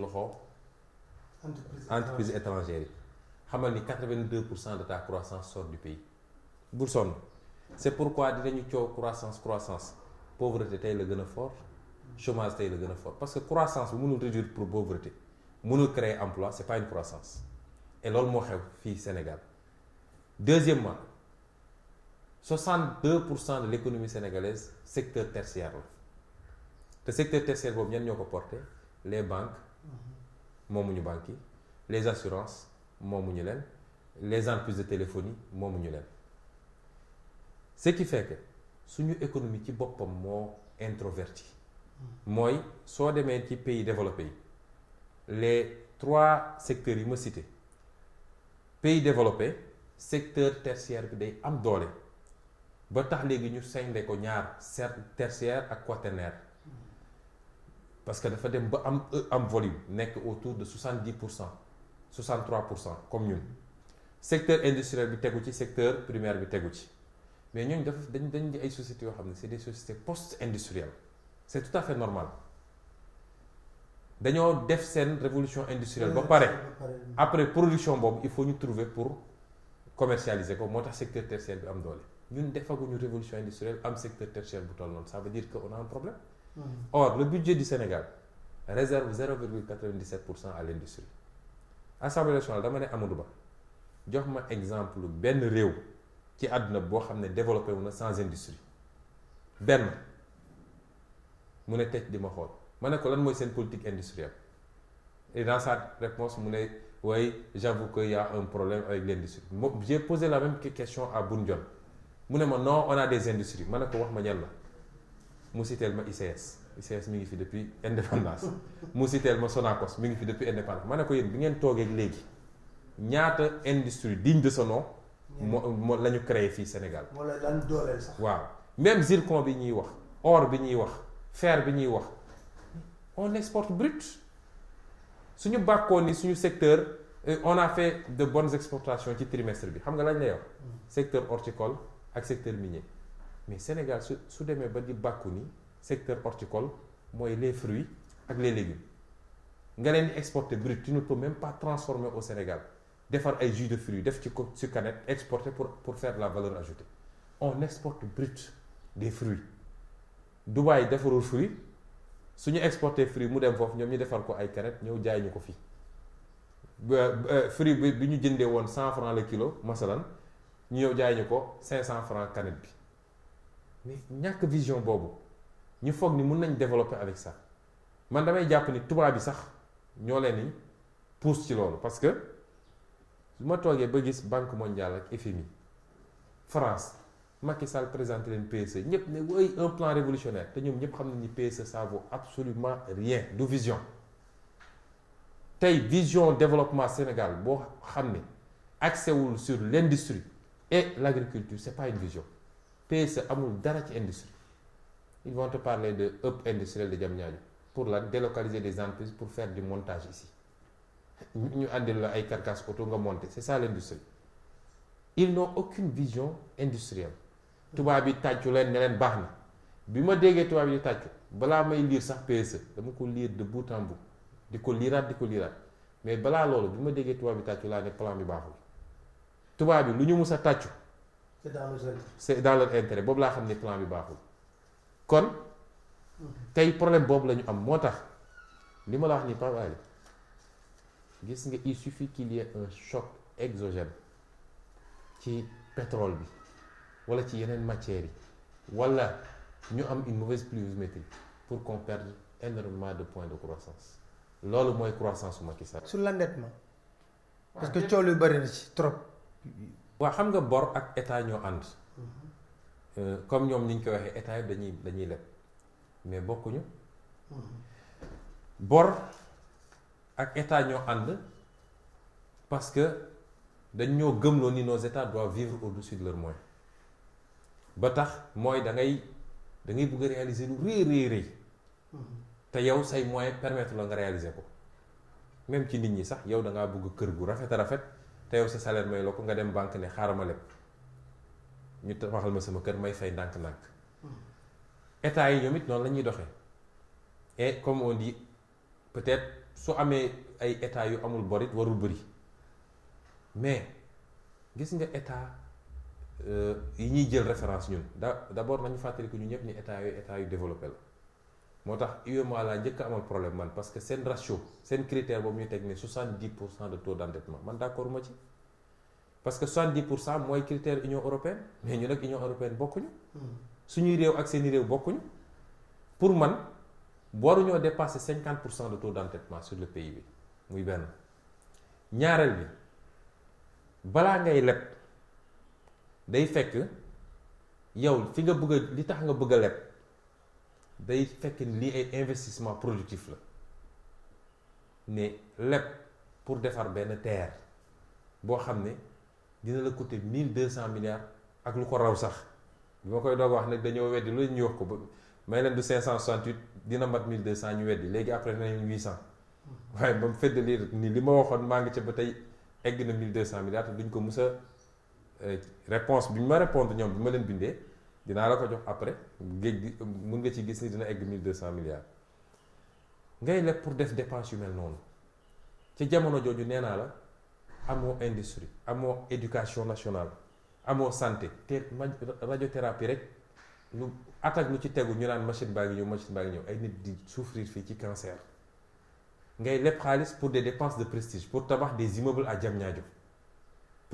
entreprise étrangère 82% xamal ni de ta croissance sort du pays. c'est pourquoi dinañu croissance croissance pauvreté tay la gëna fort chômage est devenu fort parce que croissance bu mënul réduire pour pauvreté mënul créer emploi c'est pas une croissance et lool moo xew fii Sénégal deuxièmement 62 de l'économie sénégalaise secteur tertiaire Le secteur tertiaire boobu ñan ñoo ko porté les banques moomuñu yi les assurances moomuñu leen les entreprises de téléphonie moomuñu leen ce qui fait que suñu économie ci boppam moo introverti moi soit des ci pays développés les trois secteurs yi ma cité pays développés secteur tertiaire bi day am doole ba tax légui ñu séndé ko ñaar tertiaire ak parce que dafa dem ba am volume autour de 70%, 63% comme ñun secteur industriel bi téggu ci secteur primaire bi téggu ci mais nous avons dañ ay sociétés c'est des sociétés post industrielles c'est tout à fait normal dañoo def seen révolution industrielle ba après production il faut ñu trouver pour commercialiser ko moo secteur tertiaire bi am doole ñun defaguñu révolution industrielle am secteur tertiaire ça veut dire que on a un problème or le budget du Sénégal réserve 0,97 à l'industrie Assemblée nationale dama ne Amadou jox ma exemple benn réew ci àdduna boo ne développé sans industrie benn mu ne teg di ma ma ne ko lan politique industrielle et dans sa réponse j'avoue qu'il y a un problème avec l'industrie j'ai posé la même question à Boun mu ne non on a des industries Je ne ko wax ma ñan la mu ma ICS ICS mi ngi depuis indépendance *laughs* mu ma Sonacos mi ngi fi depuis indépendance ma ne ko yéen bi ngeen toogee léegi ñaata industrie digne de son nom mo la ñu Sénégal. la sax. waaw même zircon bi ñuy wax or bi bi on exporte brut suñu bàkkoo ni suñu secteur euh, on a fait de bonnes exportations ci trimestre bi xam nga lañ lay wax secteur horticole ak secteur minier mais Sénégal su su demee ba di secteur horticole C'est les fruits ak les légumes nga leen exporter brut tu ne peux même pas transformer au Sénégal defar ay jus de fruits def ci exporter pour pour faire la valeur ajoutée on exporte brut des fruits Dubaï defarul fruit su ñu exporté fruit mu dem foofu ñoom ñu defar ko ay karet ñëw jaay ñu ko fi fruit bi bi ñu jëndee woon cent franc le kilo masalan ñu ñëw jaay ñu ko cinq cent france canette bi mais ñàkk vision boobu ñu foog ni mun nañ développer avec sax man damay jàpp ni tubaab bi sax ñoo leen ni pousse ci loolu parce que su ma toogee ba gis banque mondiale ak FMI France Je Sall présenté PSC. E. ne un plan révolutionnaire Nous ne ñëpp xam ni PSE ça vaut absolument rien une vision La vision développement Sénégal bon, xam accès sur l'industrie et l'agriculture, ce n'est pas une vision PS, e amul dara ci industrie ils vont te parler de up industriel de Diamniadio pour délocaliser des entreprises pour faire du montage ici Nous avons carcasses monter C'est ça l'industrie. ils n'ont aucune vision industrielle tàccu leen ne leen baax na bi ma déggee may sax e, dama ko de bout en bout mais balaa loolu bi ma déggee plan bi c'est dans leur intérêt c'est dans leur boobu laa xam ne plan bi baaxul kon problème la am wax gis il suffit qu'il y ait un choc exogène ci pétrole bi wala ci yeneen matières matière. wala ñu am une mauvaise pluviométrie pour qu'on perde énormément de points de croissance loolu mooy croissance su Macky sur l'endettement parce que coow lu bëri na ci trop. waa xam nga bor ak état ñoo ànd. Mm-hmm. Euh, comme ñoom niñ ko koy waxee état yi dañuy dañuy leb mais bokkuñu. Mm-hmm. bor ak état ñoo ànd parce que dañ ñoo gëmloo ni nos états doivent vivre au-dessus de leurs moyens. ba tax moy da ngay da ngay bëgg réaliser lu rëy rëy rëy te yow say moy permettre la nga réaliser ko même ci nit ñi sax yow da nga bëgg kër gu rafet rafet te yow sa salaire may la nga dem banque ne xaaral ma ñu taxal ma sama kër may fay dank nak état yi ñomit non lañuy doxé et comme on dit peut-être su amé ay état yu amul borit warul bëri mais gis nga état Euh, yi ñuy jël référence ñun da d' abord nañu fàttali ko ñu ñëpp ni état yooyu état yu développé la moo tax UEMOA laa njëkk a amal problème man parce que seen ratio seen critère boobu ñu teg ne 70 pour cent de taux d' endettement man d' accord ma ci parce que 70 pour cent mooy critère union européenne mais ñu nag union européenne bokkuñu hmm. suñuy réew ak seeni réew bokkuñu pour man waruñoo dépasser 50 pour cent de taux d' endettement sur le pays bi muy benn ñaareel ngay leb day fekk yow fi nga bëgg a li tax nga bëgg a leb day fekk lii ay investissement productif la ne leb pour defar benn terre boo xam ne dina la coûté 1200 milliards ak lu ko raw sax bi ma koy doog wax nag dañoo weddi lu ñu wax ko ba may leen du 568 dina mat 1200 ñu weddi léegi après nañ 800 waaye ba mu fedd nii li ma waxoon maa ngi ca ba tey 1200 milliards duñ ko mus a euh, réponse bi ma répondre ñoom bi ma leen bindee dinaa la ko jox après géej gi mun nga ci gis ni dina egg 1200 milliards ngay leb pour def dépense yu mel noonu ci jamono jooju nee naa la amoo industrie amoo éducation nationale amoo santé te radiothérapie rek lu attaque lu ci tegu ñu naan machine baa ngi ñëw machine baa ngi ñëw ay nit di souffrir fii ci cancer ngay leb xaalis pour des dépenses de prestige pour tabax des immeubles à Diamniadio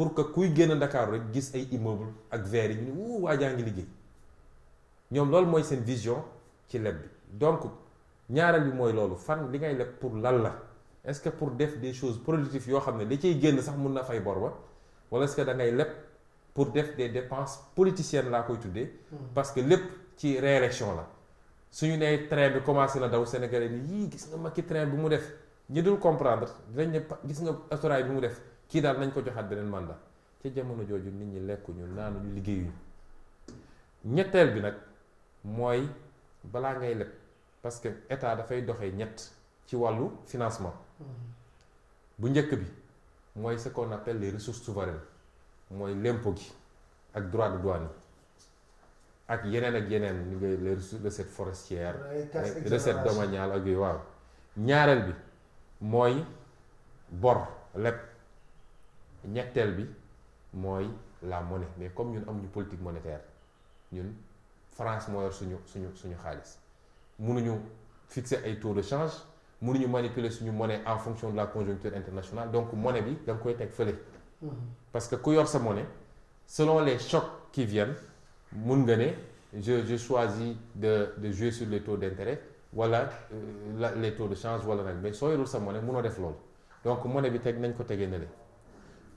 pour que kuy génn ndakaaru rek gis ay immeuble ak verre ñu ne wuu waa jaa ngi liggéey ñoom loolu mooy seen vision ci leb bi donc ñaareel bi mooy loolu fan li ngay leb pour lan la est-ce que pour def des choses productives yoo xam ne li cay génn sax mun na fay bor ba wala est-ce que dangay ngay leb pour def des dépenses politiciennes laa koy tuddee. Hmm. parce que lépp ci réélection la. su ñu nee train bi commencé na daw Sénégalais ni yii gis nga Macky train bi mu def ñu dul comprendre dinañ ne gis nga autorail bi mu def. kii daal nañ ko joxaat beneen mandat ci jamono jooju nit ñi lekkuñu ñu liggéeyuñu ñetteel bi nag mooy balaa ngay leb parce que état dafay doxe ñett ci wàllu financement bu njëkk bi mooy ce qu'on appelle les ressources mooy l'impôt gi ak droit de douane ak yeneen ak yeneen ni le les recettes forestières recettes domaniales ak waaw ñaareel bi mooy bor leb ñetteel bi mooy la monnaie mais comme ñun amuñu politique monétaire ñun France moo yor suñu suñu suñu xaalis mënuñu fixer ay taux de change mënuñu manipuler suñu monnaie en fonction de la conjoncture internationale donc monnaie bi da nga koy teg fële. Mm-hmm. parce que ku yor sa monnaie selon les chocs qui viennent mun nga je je choisis de de jouer sur les taux d'intérêt Voilà, euh, les taux de change voilà nag mais soo yorul sa monnaie mënoo def loolu donc monnaie bi teg nañ ko tegee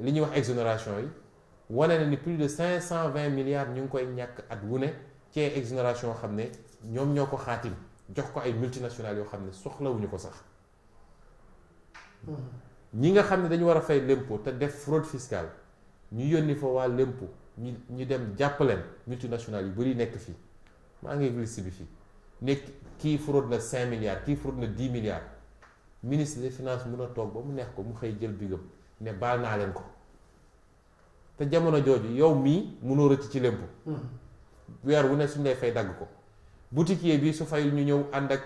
li ñuy wax exonération yi wane na ni plus de cinq cent vingt milliards ñu ngi koy ñàkk at wu ne ci exonération xam ne ñoom ñoo ko xaatim jox ko ay multinationales yoo xam ne soxlawuñu ko sax hmm. ñi nga xam ne dañu war a fay l'impôt te def fraude fiscale ñu yónni fa waa l'impôt ñu ñu dem jàppaleen multinationales yu bari nekk fii maa ngi glisse bi fi nekk kii fraude na cinq milliards kii fraude na dix milliards ministre de finance mun a toog ba mu neex ko mu xëy jël bigam ne baal naa leen ko te jamono jooju yow mii munoo rëcc ci lépp weer wu ne suñ lay fay dagg ko boutiquier bii su fayul ñu ñëw ànd ak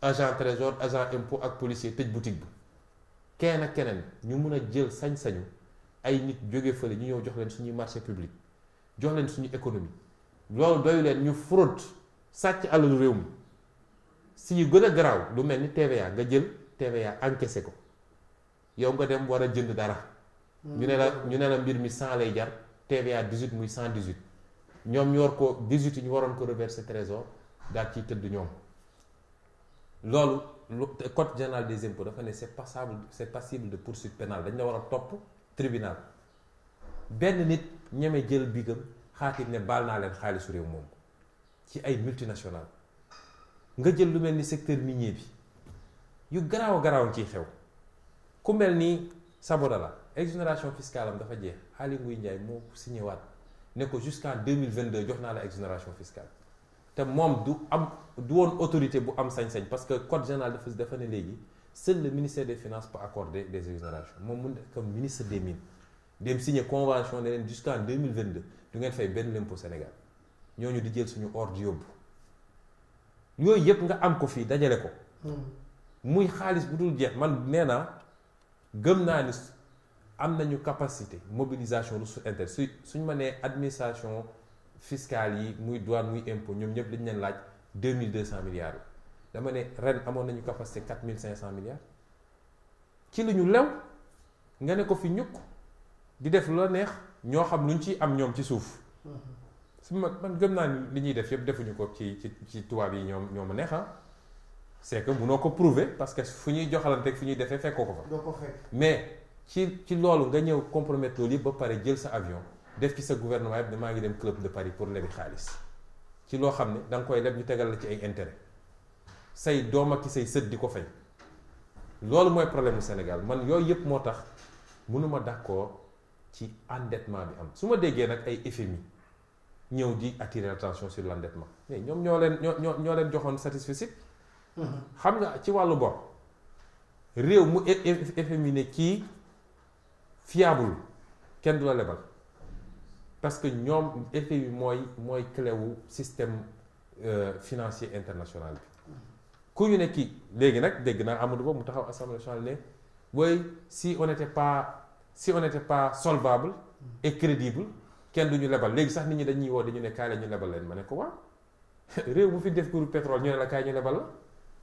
agent trésor agent impôt ak policier tëj boutique bi keneen ak keneen ñu mun a jël sañ-sañu ay nit jóge fële ñu ñëw jox leen suñuy marché public jox leen suñu économie loolu doyu leen ñu fraude sàcc alalu réew mi si yu gën a garaaw lu mel ni TVA nga jël TVA encaissé ko yow nga dem war a jënd dara. Hmm. ñu ñu mbir mi TVA 18 muy Nous dix 18 ñu waroon ko reverser trésor daal ci tëdd loolu code général des impôts ne c'est passable passible de poursuite pénale dañ la war a tribunal benn nit ñeme jël bigam xaatim ne des ci ay multinationales nga jël lu secteur minier bi yu a garaaw xew ku mel ni Sabodala la exonération fiscale am dafa jeex Aly Ngouille Ndiaye moo signé waat ne ko jusqu'en 2022 jox naa la exonération fiscale te moom du am du woon autorité bu am sañ-sañ parce que code général dafa dafa ne léegi seul le ministère des finances peut accorder des exonérations moom mu nekk comme ministre des mines dem signé convention ne leen jusqu'en 2022 du ngeen fay benn impôt Sénégal ñooñu di jël suñu or di yóbbu yooyu yëpp nga am ko fii dajale ko hmm. muy xaalis bu man nee naa gëm naa ni am nañu capacité mobilisation ressource interne su suñ ma nee administration fiscale yi muy douane muy impôt ñoom ñëpp dañu leen laaj 2200 milliards dama ne ren amoon nañu capacité 4500 milliards ci lu ñu lew nga ne ko fi ñukk di def loo neex ñoo xam luñ ci am ñoom ci suuf mm-hmm. su ma man gëm naa ni li ñuy def yëpp defuñu ko ci ci ci tubaab yi ñoom ñoo ma neex ah c'est que n'avez ko prouvé parce que fu ñuy joxalante fu mais ci ci nga compromettre ba jël avion def ci sa gouvernement yëpp club de Paris pour lebi xaalis ci loo xam ne intérêt say ak say problème au Sénégal man yooyu yëpp moo d'accord ci endettement bi am ay attirer l'attention sur l'endettement mais leen xam nga ci wàllu bor réew mu e-, e-, efféminé kii fiable kenn du la lebal parce que ñoom effet bi mooy mooy clé wu système euh, financier international bi ku ñu ne kii léegi nag dégg naa Amadou Ba mu taxaw assemblée nationale ne way si on était pas si on était pas solvable et crédible kenn duñu lebal léegi sax nit ñi dañuy woo dañu ne kaay la ñu lebal leen ma ne ko waaw *laughs* réew bu fi def groupe pétrole ñu ne la kaay ñu lebal la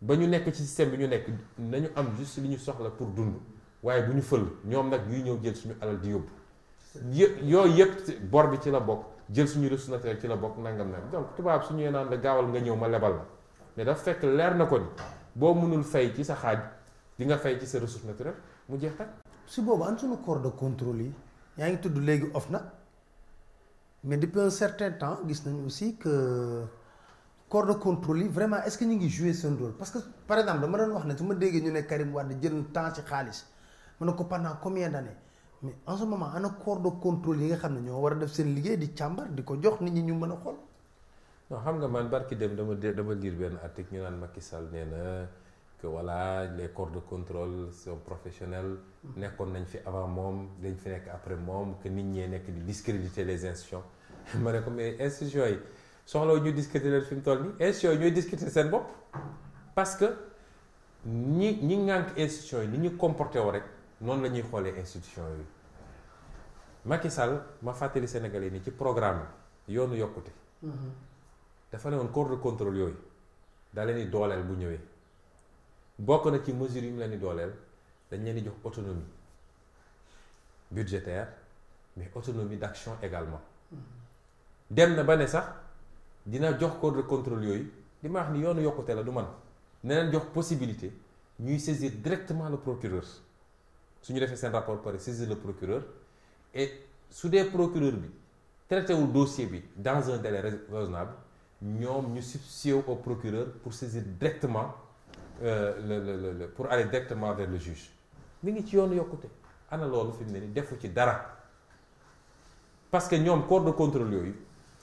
ba ñu nekk ci système bi ñu nekk nañu am juste li ñu soxla pour dund waaye bu ñu fël ñoom nag ñuy ñëw jël suñu alal di yóbbu yooyu yëpp bor bi ci la bokk jël suñu ressource ci la bokk nangam nag donc tubaab su ñuy naan la gaawal nga ñëw ma lebal la mais dafa fekk leer na ko boo mënul fay ci sa xaaj nga fay ci sa ressource naturelle mu jeex tak su boobu am suñu corps de contrôle yi yaa ngi tudd léegi na mais depuis un certain temps gis nañu aussi que corps de contrôle vraiment est-ce que ñu ngi jouer rôle parce que par exemple dama doon wax ne su ma déggee ñu ne Karim Wade jël temps ci xaalis ma ne ko pendant combien d'années mais en ce moment ana corps de contrôle yi nga xam ne ñoo war a def seen chambre di càmbar di ko jox nit ñi ñu non xam nga man barki dem dama dama lire benn article ñu naan Macky Sall nee que voilà les corps de contrôle sont professionnels. Hmm. nekkoon nañ fi avant moom dañ fi nekk après moom que nit ñee nekk di discréditer les institutions. *laughs* mais ne ko mais institutions yi soxlaw ñu discuter leen fi mu toll nii institution yi ñooy discuter seen bopp parce que ñi ñi ŋànk institution yi ni ñu comporté woo rek noonu la ñuy xoolee institution yooyu Macky Sall ma fàttali Sénégalais ni ci programme yoonu yokkute mhm. dafa ne woon corps de contrôle yooyu daa leen di dooleel bu ñëwee bokk na ci mesure yi mu leen di dooleel dañ leen di jox autonomie budgétaire mais autonomie d'action également mhm. dem na ba ne sax dina jox corps de contrôle yooyu li ma wax ni yoonu yokkute la du man ne jox possibilité ñuy saisir directement le procureur suñu ñu defee seen rapport pare saisir le procureur et su dee procureur bi traité wul dossier bi dans un délai raisonnable ñoom ñu substitué au procureur pour saisir directement euh, le le le pour aller directement vers le juge mi ngi ci yoonu yokkute ana loolu fi mu ne ni defu ci dara parce que ñoom corps de contrôle yooyu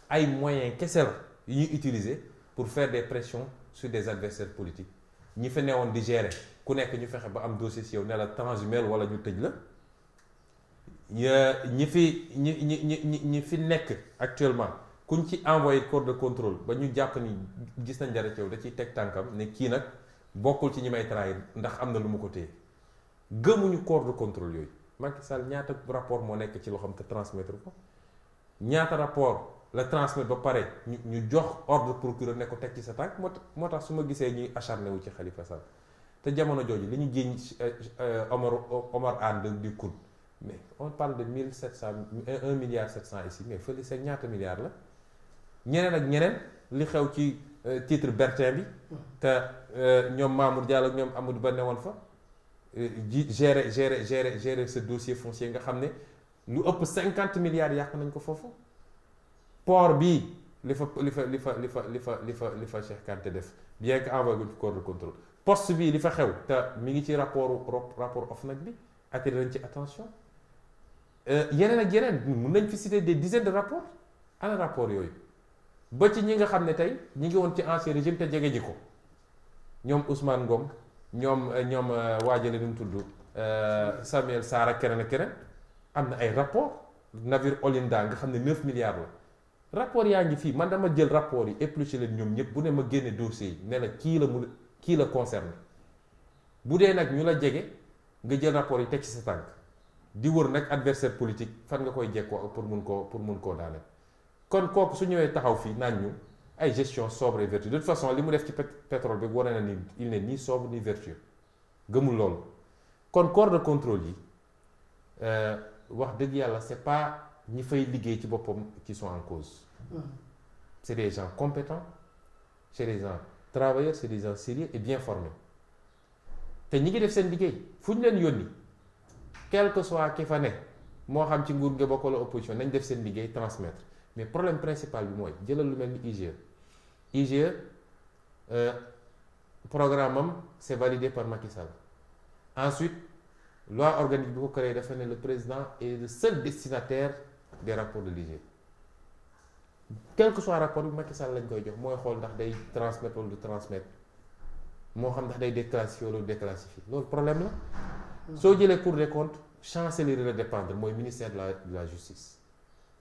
ay moyens kese la yu ñuy utiliser pour faire des pressions sur des adversaires politiques ñi fa newoon di géré ku nekk ñu fexe ba am dossier si yow ne la transhumel wala ñu tëj la ñi fi ñi ñi ñi fi nekk actuellement kuñ ci envoyé corps de contrôle ba ñu jàpp ni gis nañ dara ci yow da ci teg tànkam ne kii nag bokkul ci ñi may trahir ndax am na lu mu ko téye gëmuñu corps de contrôle yooyu Macky Sall ñaata rapport moo nekk ci loo xam te transmettre ko ñaata rapport la transmettre ba pare ñu jox ordre procureur ne ko teg ci sa tànk moo moo tax su ma gisee ñuy acharné wu ci Khalifa Sall te jamono jooju li ñu génn euh, Omar Omar Anne di COUD mais on parle de mille sept cent un milliard sept cent ici mais fële sa ñaata milliards la ñeneen ak ñeneen li xew ci euh, titre Bertin bi te euh, ñoom Mamour Diallo ak ñoom Amadou Ba newoon fa ji gérer gérer gérer ce dossier foncier nga xam ne lu ëpp cinquante milliards yàq nañ ko foofu. port bi li fa li fa li fa li fa li fa li fa li fa Cheikh Kanté def bien que envoyé guñ fi corps de contrôle poste bii li fa xew te mi ngi ci rapport rapport OFNAC bi attiré nañ ci attention euh, yeneen ak yeneen mun nañ fi citer des dizaines de rapports ana rapport yooyu ba ci ñi nga xam ne tey ñi ngi woon ci ancien régime te jege ji ko ñoom Ousmane Ngom ñoom ñoom euh, waajale nu mu tudd euh, Samuel Sarr ak keneen ak keneen am na ay rapport navire Olinda nga xam ne 9 milliards la rapport yaa ngi fii man dama jël rapport yi épluché leen ñoom ñëpp bu ne ma génne dossier yi ne la kii la mu kii la concerné bu dee nag ñu la jege nga jël rapport yi teg ci sa tànk di wër nag adversaire politique fan nga koy jekkoo pour mun koo pour mun koo daaneel kon kooku su ñëwee taxaw fii naan ñu ay gestion sobre et vertu de toute façon li mu def ci pétrole bi wane na ni il n'est ni sobre ni vertueux gëmul loolu kon corps de contrôle yi euh, wax dëgg yàlla c'est pas ni fay liguey ci qui sont en cause. Mm. C'est des gens compétents c'est des gens travailleurs c'est des gens sérieux et bien formés té ñi ngi def sen liguey fu ñu leen quel que soit ki fa ne sais xam ci nguur gi bokk la opposition nañ def sen liguey transmettre mais problème principal bi moy jëlal lu L'IGE, IGE euh, programme am validé par Macky Sall ensuite loi organique de ko créé dafa le président est le seul destinataire des rapports de l'IGE quel que soit le rapport bi Macky Sall lañ koy jox moy xol ndax day transmettre ou de transmettre Mo xam ndax day déclassifier ou déclassifier le problème la soo jëlee Cour des comptes chancellerie la dépendre mooy ministère de la de la justice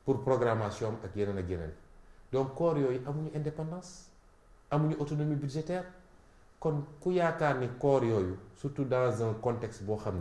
pour programmation ak yeneen ak yeneen donc corps yooyu amuñu indépendance amuñu autonomie budgétaire kon ku yaakaar ni corps yooyu surtout dans un contexte boo xam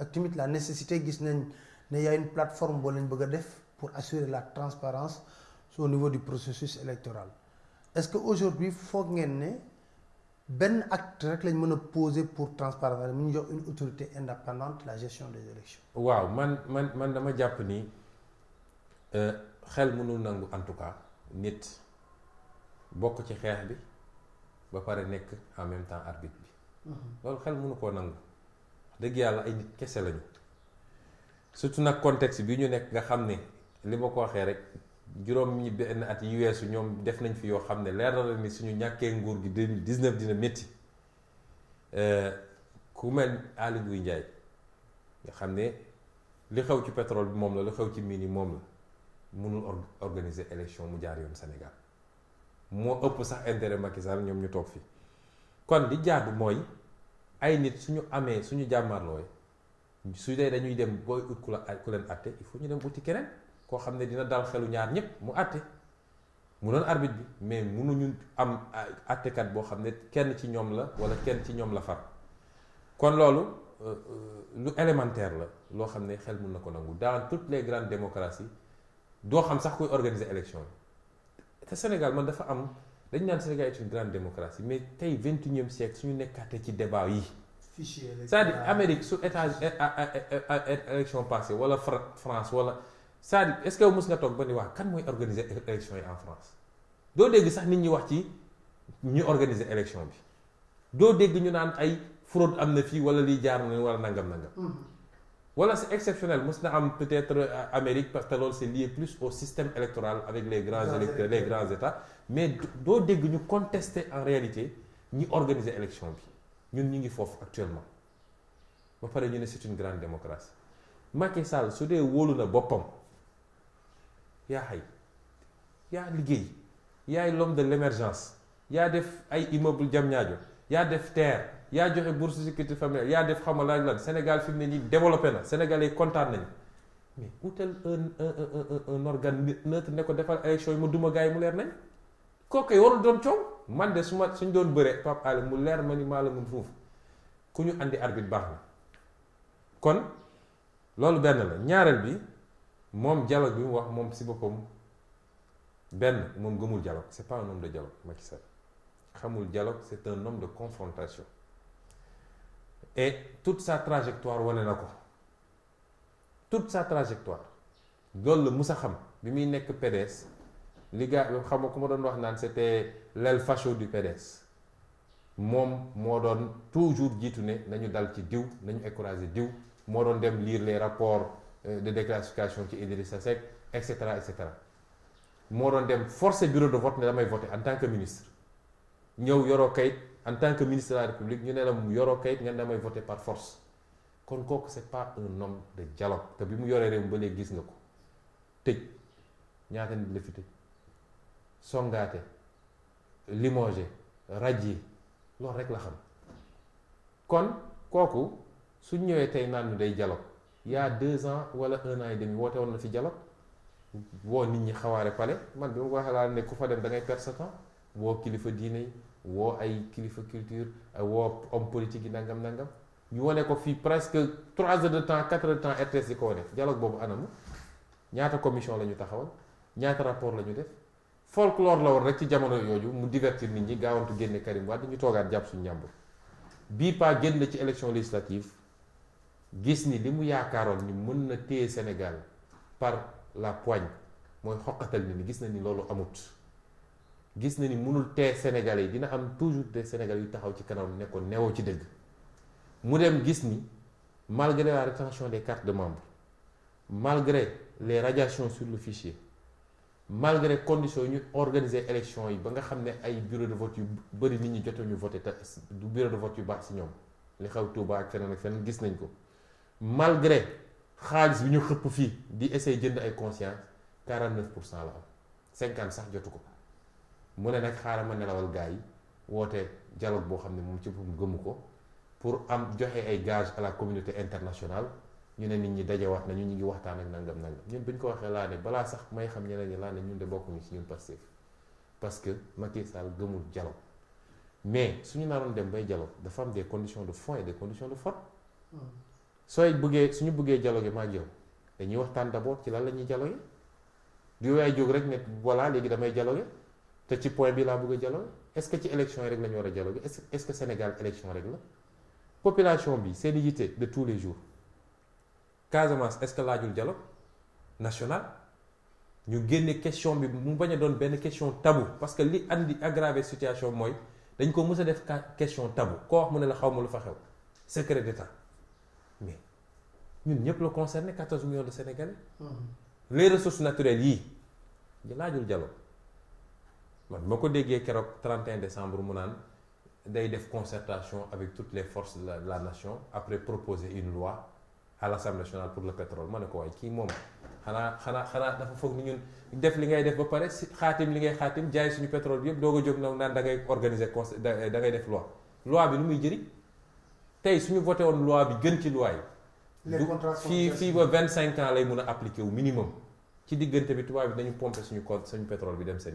ak la nécessité gis nañ ne y a une plateforme boo leen bëgg def pour assurer la transparence au niveau du processus électoral est-ce que aujourd'hui foog ngeen ne benn acte rek lañ mën a poser pour transparence mu jox une autorité indépendante la gestion des élections waaw man man man dama jàpp ni euh, xel mënul nangu en tout cas nit bokk ci xeex bi ba pare nekk en même temps arbitre bi mhm. loolu xel mënu koo nangu dëgg yàlla ay nit kese lañu surtout nag contexte bi ñu nekk nga xam ne li ma ko waxee rek juróom ñi benn at yu weesu ñoom def nañ fi yoo xam ne leer na ni suñu ñàkkee nguur gi 2019 dina métti euh, ku mel Aly Ngouille Ndiaye nga xam ne li xew ci pétrole bi moom la li xew ci mini yi moom la mënul organiser élection mu jaar yoon Sénégal moo ëpp sax intérêt Macky Sall ñoom ñu toog fi kon li jaadu mooy ay nit su ñu amee suñu jàmmarlooy su dee dañuy dem booy ut ku la ku leen atte il faut ñu dem uti keneen koo xam ne dina dal xelu ñaar ñëpp mu atte mu doon arbitre bi mais ñu am attekat boo xam ne kenn ci ñoom la wala kenn ci ñoom la far kon loolu euh, euh, lu élémentaire la loo xam ne xel mun na ko nangu dans toutes les grandes démocraties doo xam sax kuy organiser élection bi te Sénégal man dafa am dañ naan Sénégal est une grande démocratie mais tey 21e siècle suñu nekkaate ci débat yi. fichier c'est-à-dire Amérique su état élection passée wala France wala c'est-à-dire est-ce que mos nga toog ba ni waa kan mooy organiser élection yi en France. doo dégg sax nit ñi wax ci ñu organiser élection bi doo dégg ñu naan ay fraude am na fii wala lii jaar na wala nangam nangam. Mm-hmm. Voilà, c'est exceptionnel. peut-être euh, Amérique, parce que c'est lié plus au système électoral avec les grands, électeurs, les grands États. Mais d'autres nous contester en réalité, ni organiser l'élection. Nous sommes fort actuellement. C'est une grande démocratie. Macky Sall, si vous avez bopam, il y a il y a l'homme de l'émergence, il y a des immeubles, il y a des terres yaa joxe bourse de sécurité familiale yaa def xama laaj laaj Sénégal fi mu ne nii développé na Sénégalais yi kontaan nañu mais utal un un un un un organe neutre ne ko defal élection yi ma duma gars yi mu leer nañ kooku warul doon coow man de suma suñ doon bëree Pape Alé mu leer ma ni maa la mun foofu ku ñu andi arbitre baax na kon loolu benn la ñaareel bi moom dialogue bi mu wax moom si boppam benn moom gëmul dialogue c'est pas un homme de dialogue Macky Sall xamul dialogue c'est un homme de confrontation et toute sa trajectoire wane na ko toute sa trajectoire loolu la xam bi muy nekk PDS li gaa xam ku ma doon wax naan c'était l'elfacho facho du PDS moom moo doon toujours jiitu ne nañu dal ci diw nañu encourager diw moo doon dem lire les rapports euh, de déclassification ci Idrissa Seck et cetera et cetera moo doon dem forcer bureau de vote ne damay voter en tant que ministre ñëw yoroo kayit en tant que ministre de la république ñu ne la mu yoroo kayit nga damay voté par force kon kooku c' est pas un homme de dialogue te bi mu yoree réew mi ba léegi gis nga ko tëj ñaata nit la fi tëj songaate limogé radié loolu rek la xam kon kooku suñ ñëwee tey naan day dialogue y a deux ans wala un an et demi woote woon na fi dialogue woo nit ñi xawaare pale man bi ma ko waxee laa ne ku fa dem da ngay perte sa temps woo kilifa diine yi woo ay kilifa culture woo homme politique yi nangam nangam ñu fait ko presque trois heures de temps quatre heures de temps RTS di dialogue boobu ñaata commission la ñu ñaata rapport la def folklore la woon rek ci jamono yooju mu divertir nit ñi Karim Wade ñu toogaat bii ci élection législative gis ni li mu ni mën Sénégal par la poigne mooy xoqatal ni gis na ni amut gis na ni mënul tee Sénégalais yi dina am toujours des Sénégalais yu taxaw ci kanam ne ko newoo ci dëgg mu dem gis ni malgré la rétention des cartes de membres malgré les radiations sur le fichier malgré conditions ñu organiser élection yi ba nga xam ne ay bureau de vote yu bëri nit ñi jotuñu voté te du bureau de vote yu baax si ñoom li xew Touba ak feneen ak feneen gis nañ ko malgré xaalis bi ñu xëpp fii di essayer jënd ay conscience 49 la am 50 sax jotu ko. mu ne nag xaaral nelawal gaay yi woote dialogue boo xam ne moom ci gëmu ko pour am joxe ay gage à la communauté internationale ñu ne nit ñi dajewaat nañu ñu ngi waxtaan ak nangam nangam ñun bu ñu ko waxee laa ne balaa sax may xam ñeneen ñi laa ne ñun de bokkuñu si ñun Pastef parce que Macky Sall gëmul dialogue mais suñu naroon dem bay dialogue dafa am des conditions de fond et des conditions de forme hmm. sooy bëggee suñu bëggee dialogue maa yow dañuy waxtaan d' abord ci lan la ñuy dialogue du waay jóg rek ne voilà léegi damay dialogue te ci point bi laa bëgg a dialogue est-ce que ci élection yi rek la ñu war a dialogue est-ce que Sénégal élection rek la population bi seen i yitte de tous les jours Casamance est-ce que laajul dialogue national ñu génne question bi mu bañ a doon benn question tabou parce que li andi aggravé situation mooy dañ ko mës a def question tabou koo wax mu ne la xaw ma lu fa xew secret d'état mais ñun ñëpp la concerné 14 millions de Sénégalais. Mm-hmm. les ressources naturelles yii laajul dialogue man ma ko déggee 31 décembre mu naan day def concertation avec toutes les forces de la, nation après proposer une loi à l'Assemblée nationale pour le pétrole ma ne ko waaye kii moom xanaa xanaa xanaa dafa foog ni ñun def li ngay def ba pare si xaatim li ngay xaatim jaay suñu pétrole bi yëpp doog a jóg nag naan da ngay organiser da ngay def loi loi bi lu muy jëriñ tey suñu voté woon loi bi gën ci loi yi. fi, fi, fii fii ba 25 ans lay mun a appliqué wu minimum ci diggante bi tubaab bi dañu pomper suñu compte suñu pétrole bi dem seen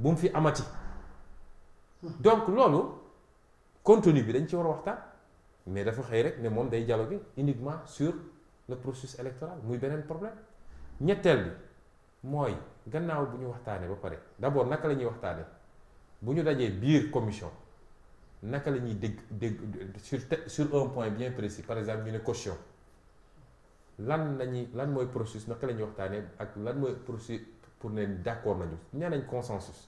bu fi amati donc loolu contenu bi dañ ci a mais dafa rek uniquement sur le processus électoral muy un problème ñetteel bi mooy gannaaw bu ñu ba pare d'abord naka la ñuy biir commission nous la sur un point bien précis par exemple une caution lan lañuy lan processus naka ak lan processus pour d'accord nañu consensus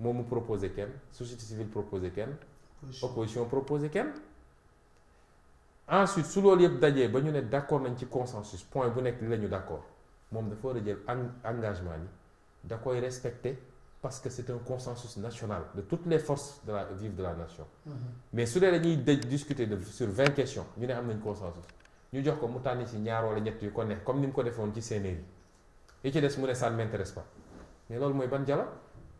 moom proposer qu'elle, société civile proposer qu'elle, opposition proposer qu'elle. ensuite sous loolu yëpp dajee ba ñu d'accord d' un nañ consensus point bu nekk li la ñu d' accord moom engagement d'accord, da koy respecter parce que c'est un consensus national de toutes les forces de la vive de la nation. Mm-hmm. mais su dee dañuy discuter de sur vingt questions ñu avons am nañ consensus Nous disons que nous tànn ci ñaar wala ñett yu ko neex comme nous mu ko defoon ci seen yi ci des mu ça ne m'intéresse pas mais loolu je ban dire,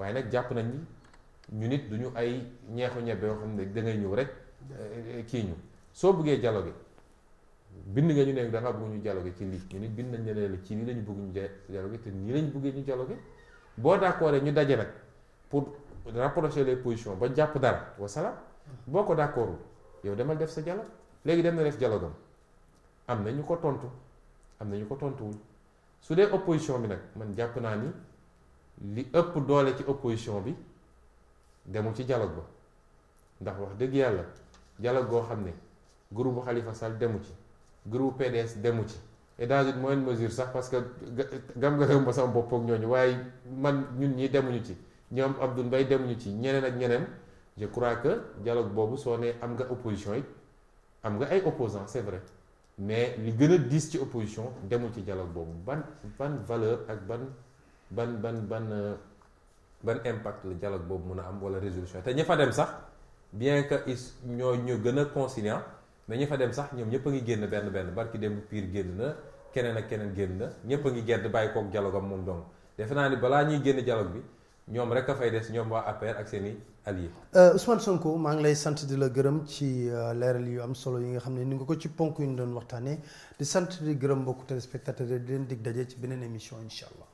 waaye nag jàpp nañ ni ñu nit du ñu ay ñeexu ñebe yoo xam ne dangay ñëw rek eh, kii ñu soo buggee jalo dialogue bind nga ñu ne da nga bëgg ñu dialogue ci lii ñu nit bind nañ ne ci lii la ñu bëgg ñu dialogue te nii lañ buggee ñu dialogue boo d'accord ñu daje nag pour rapprocher les positions ba jàpp dara wasalaam boo ko d'accordul yow demal def sa dialogue léegi dem na def dialogue am am na ñu ko tontu am na ñu ko tontuwul su dee opposition bi nag man jàpp naa ni. li ëpp doole ci opposition bi demul ci dialogue ba ndax wax dëgg yàlla dialogue goo xam ne groupe bu Khalifa Sall demu ci groupe PDS demu ci et dans une moindre mesure sax parce que gam nga gëm ba sama bopp ak ñooñu waaye man ñun ñi demuñu ci ñoom Abdoul mbay demuñu ci ñeneen ak ñeneen je crois que dialogue boobu soo nee am nga opposition yi am nga ay opposants c'est vrai mais li gën a diis ci opposition demul ci dialogue boobu ban ban valeur ak ban ban ban ban eh, ban impact le dialogue bobu mun am wala résolution té ña fa dem sax bien que is ñoy ñu gëna conciliant mais ña fa dem sax ñom ñëpp a ngi génn benn benn barki dem pire genn na keneen ak keneen genn na ñëpp a ngi gedd bayiko ak dialogue am mom dong def na ni bala ñi genn dialogue bi ñom rek ka fay dess ñom wa APR ak seni allié euh Ousmane Sonko ma ngi lay sante di la gërëm ci euh, léral yu am solo yi nga xamné ni nga ko ci ponku ñu doon waxtané di sante di gërëm bokku téléspectateurs di leen dig dajé ci benen émission inshallah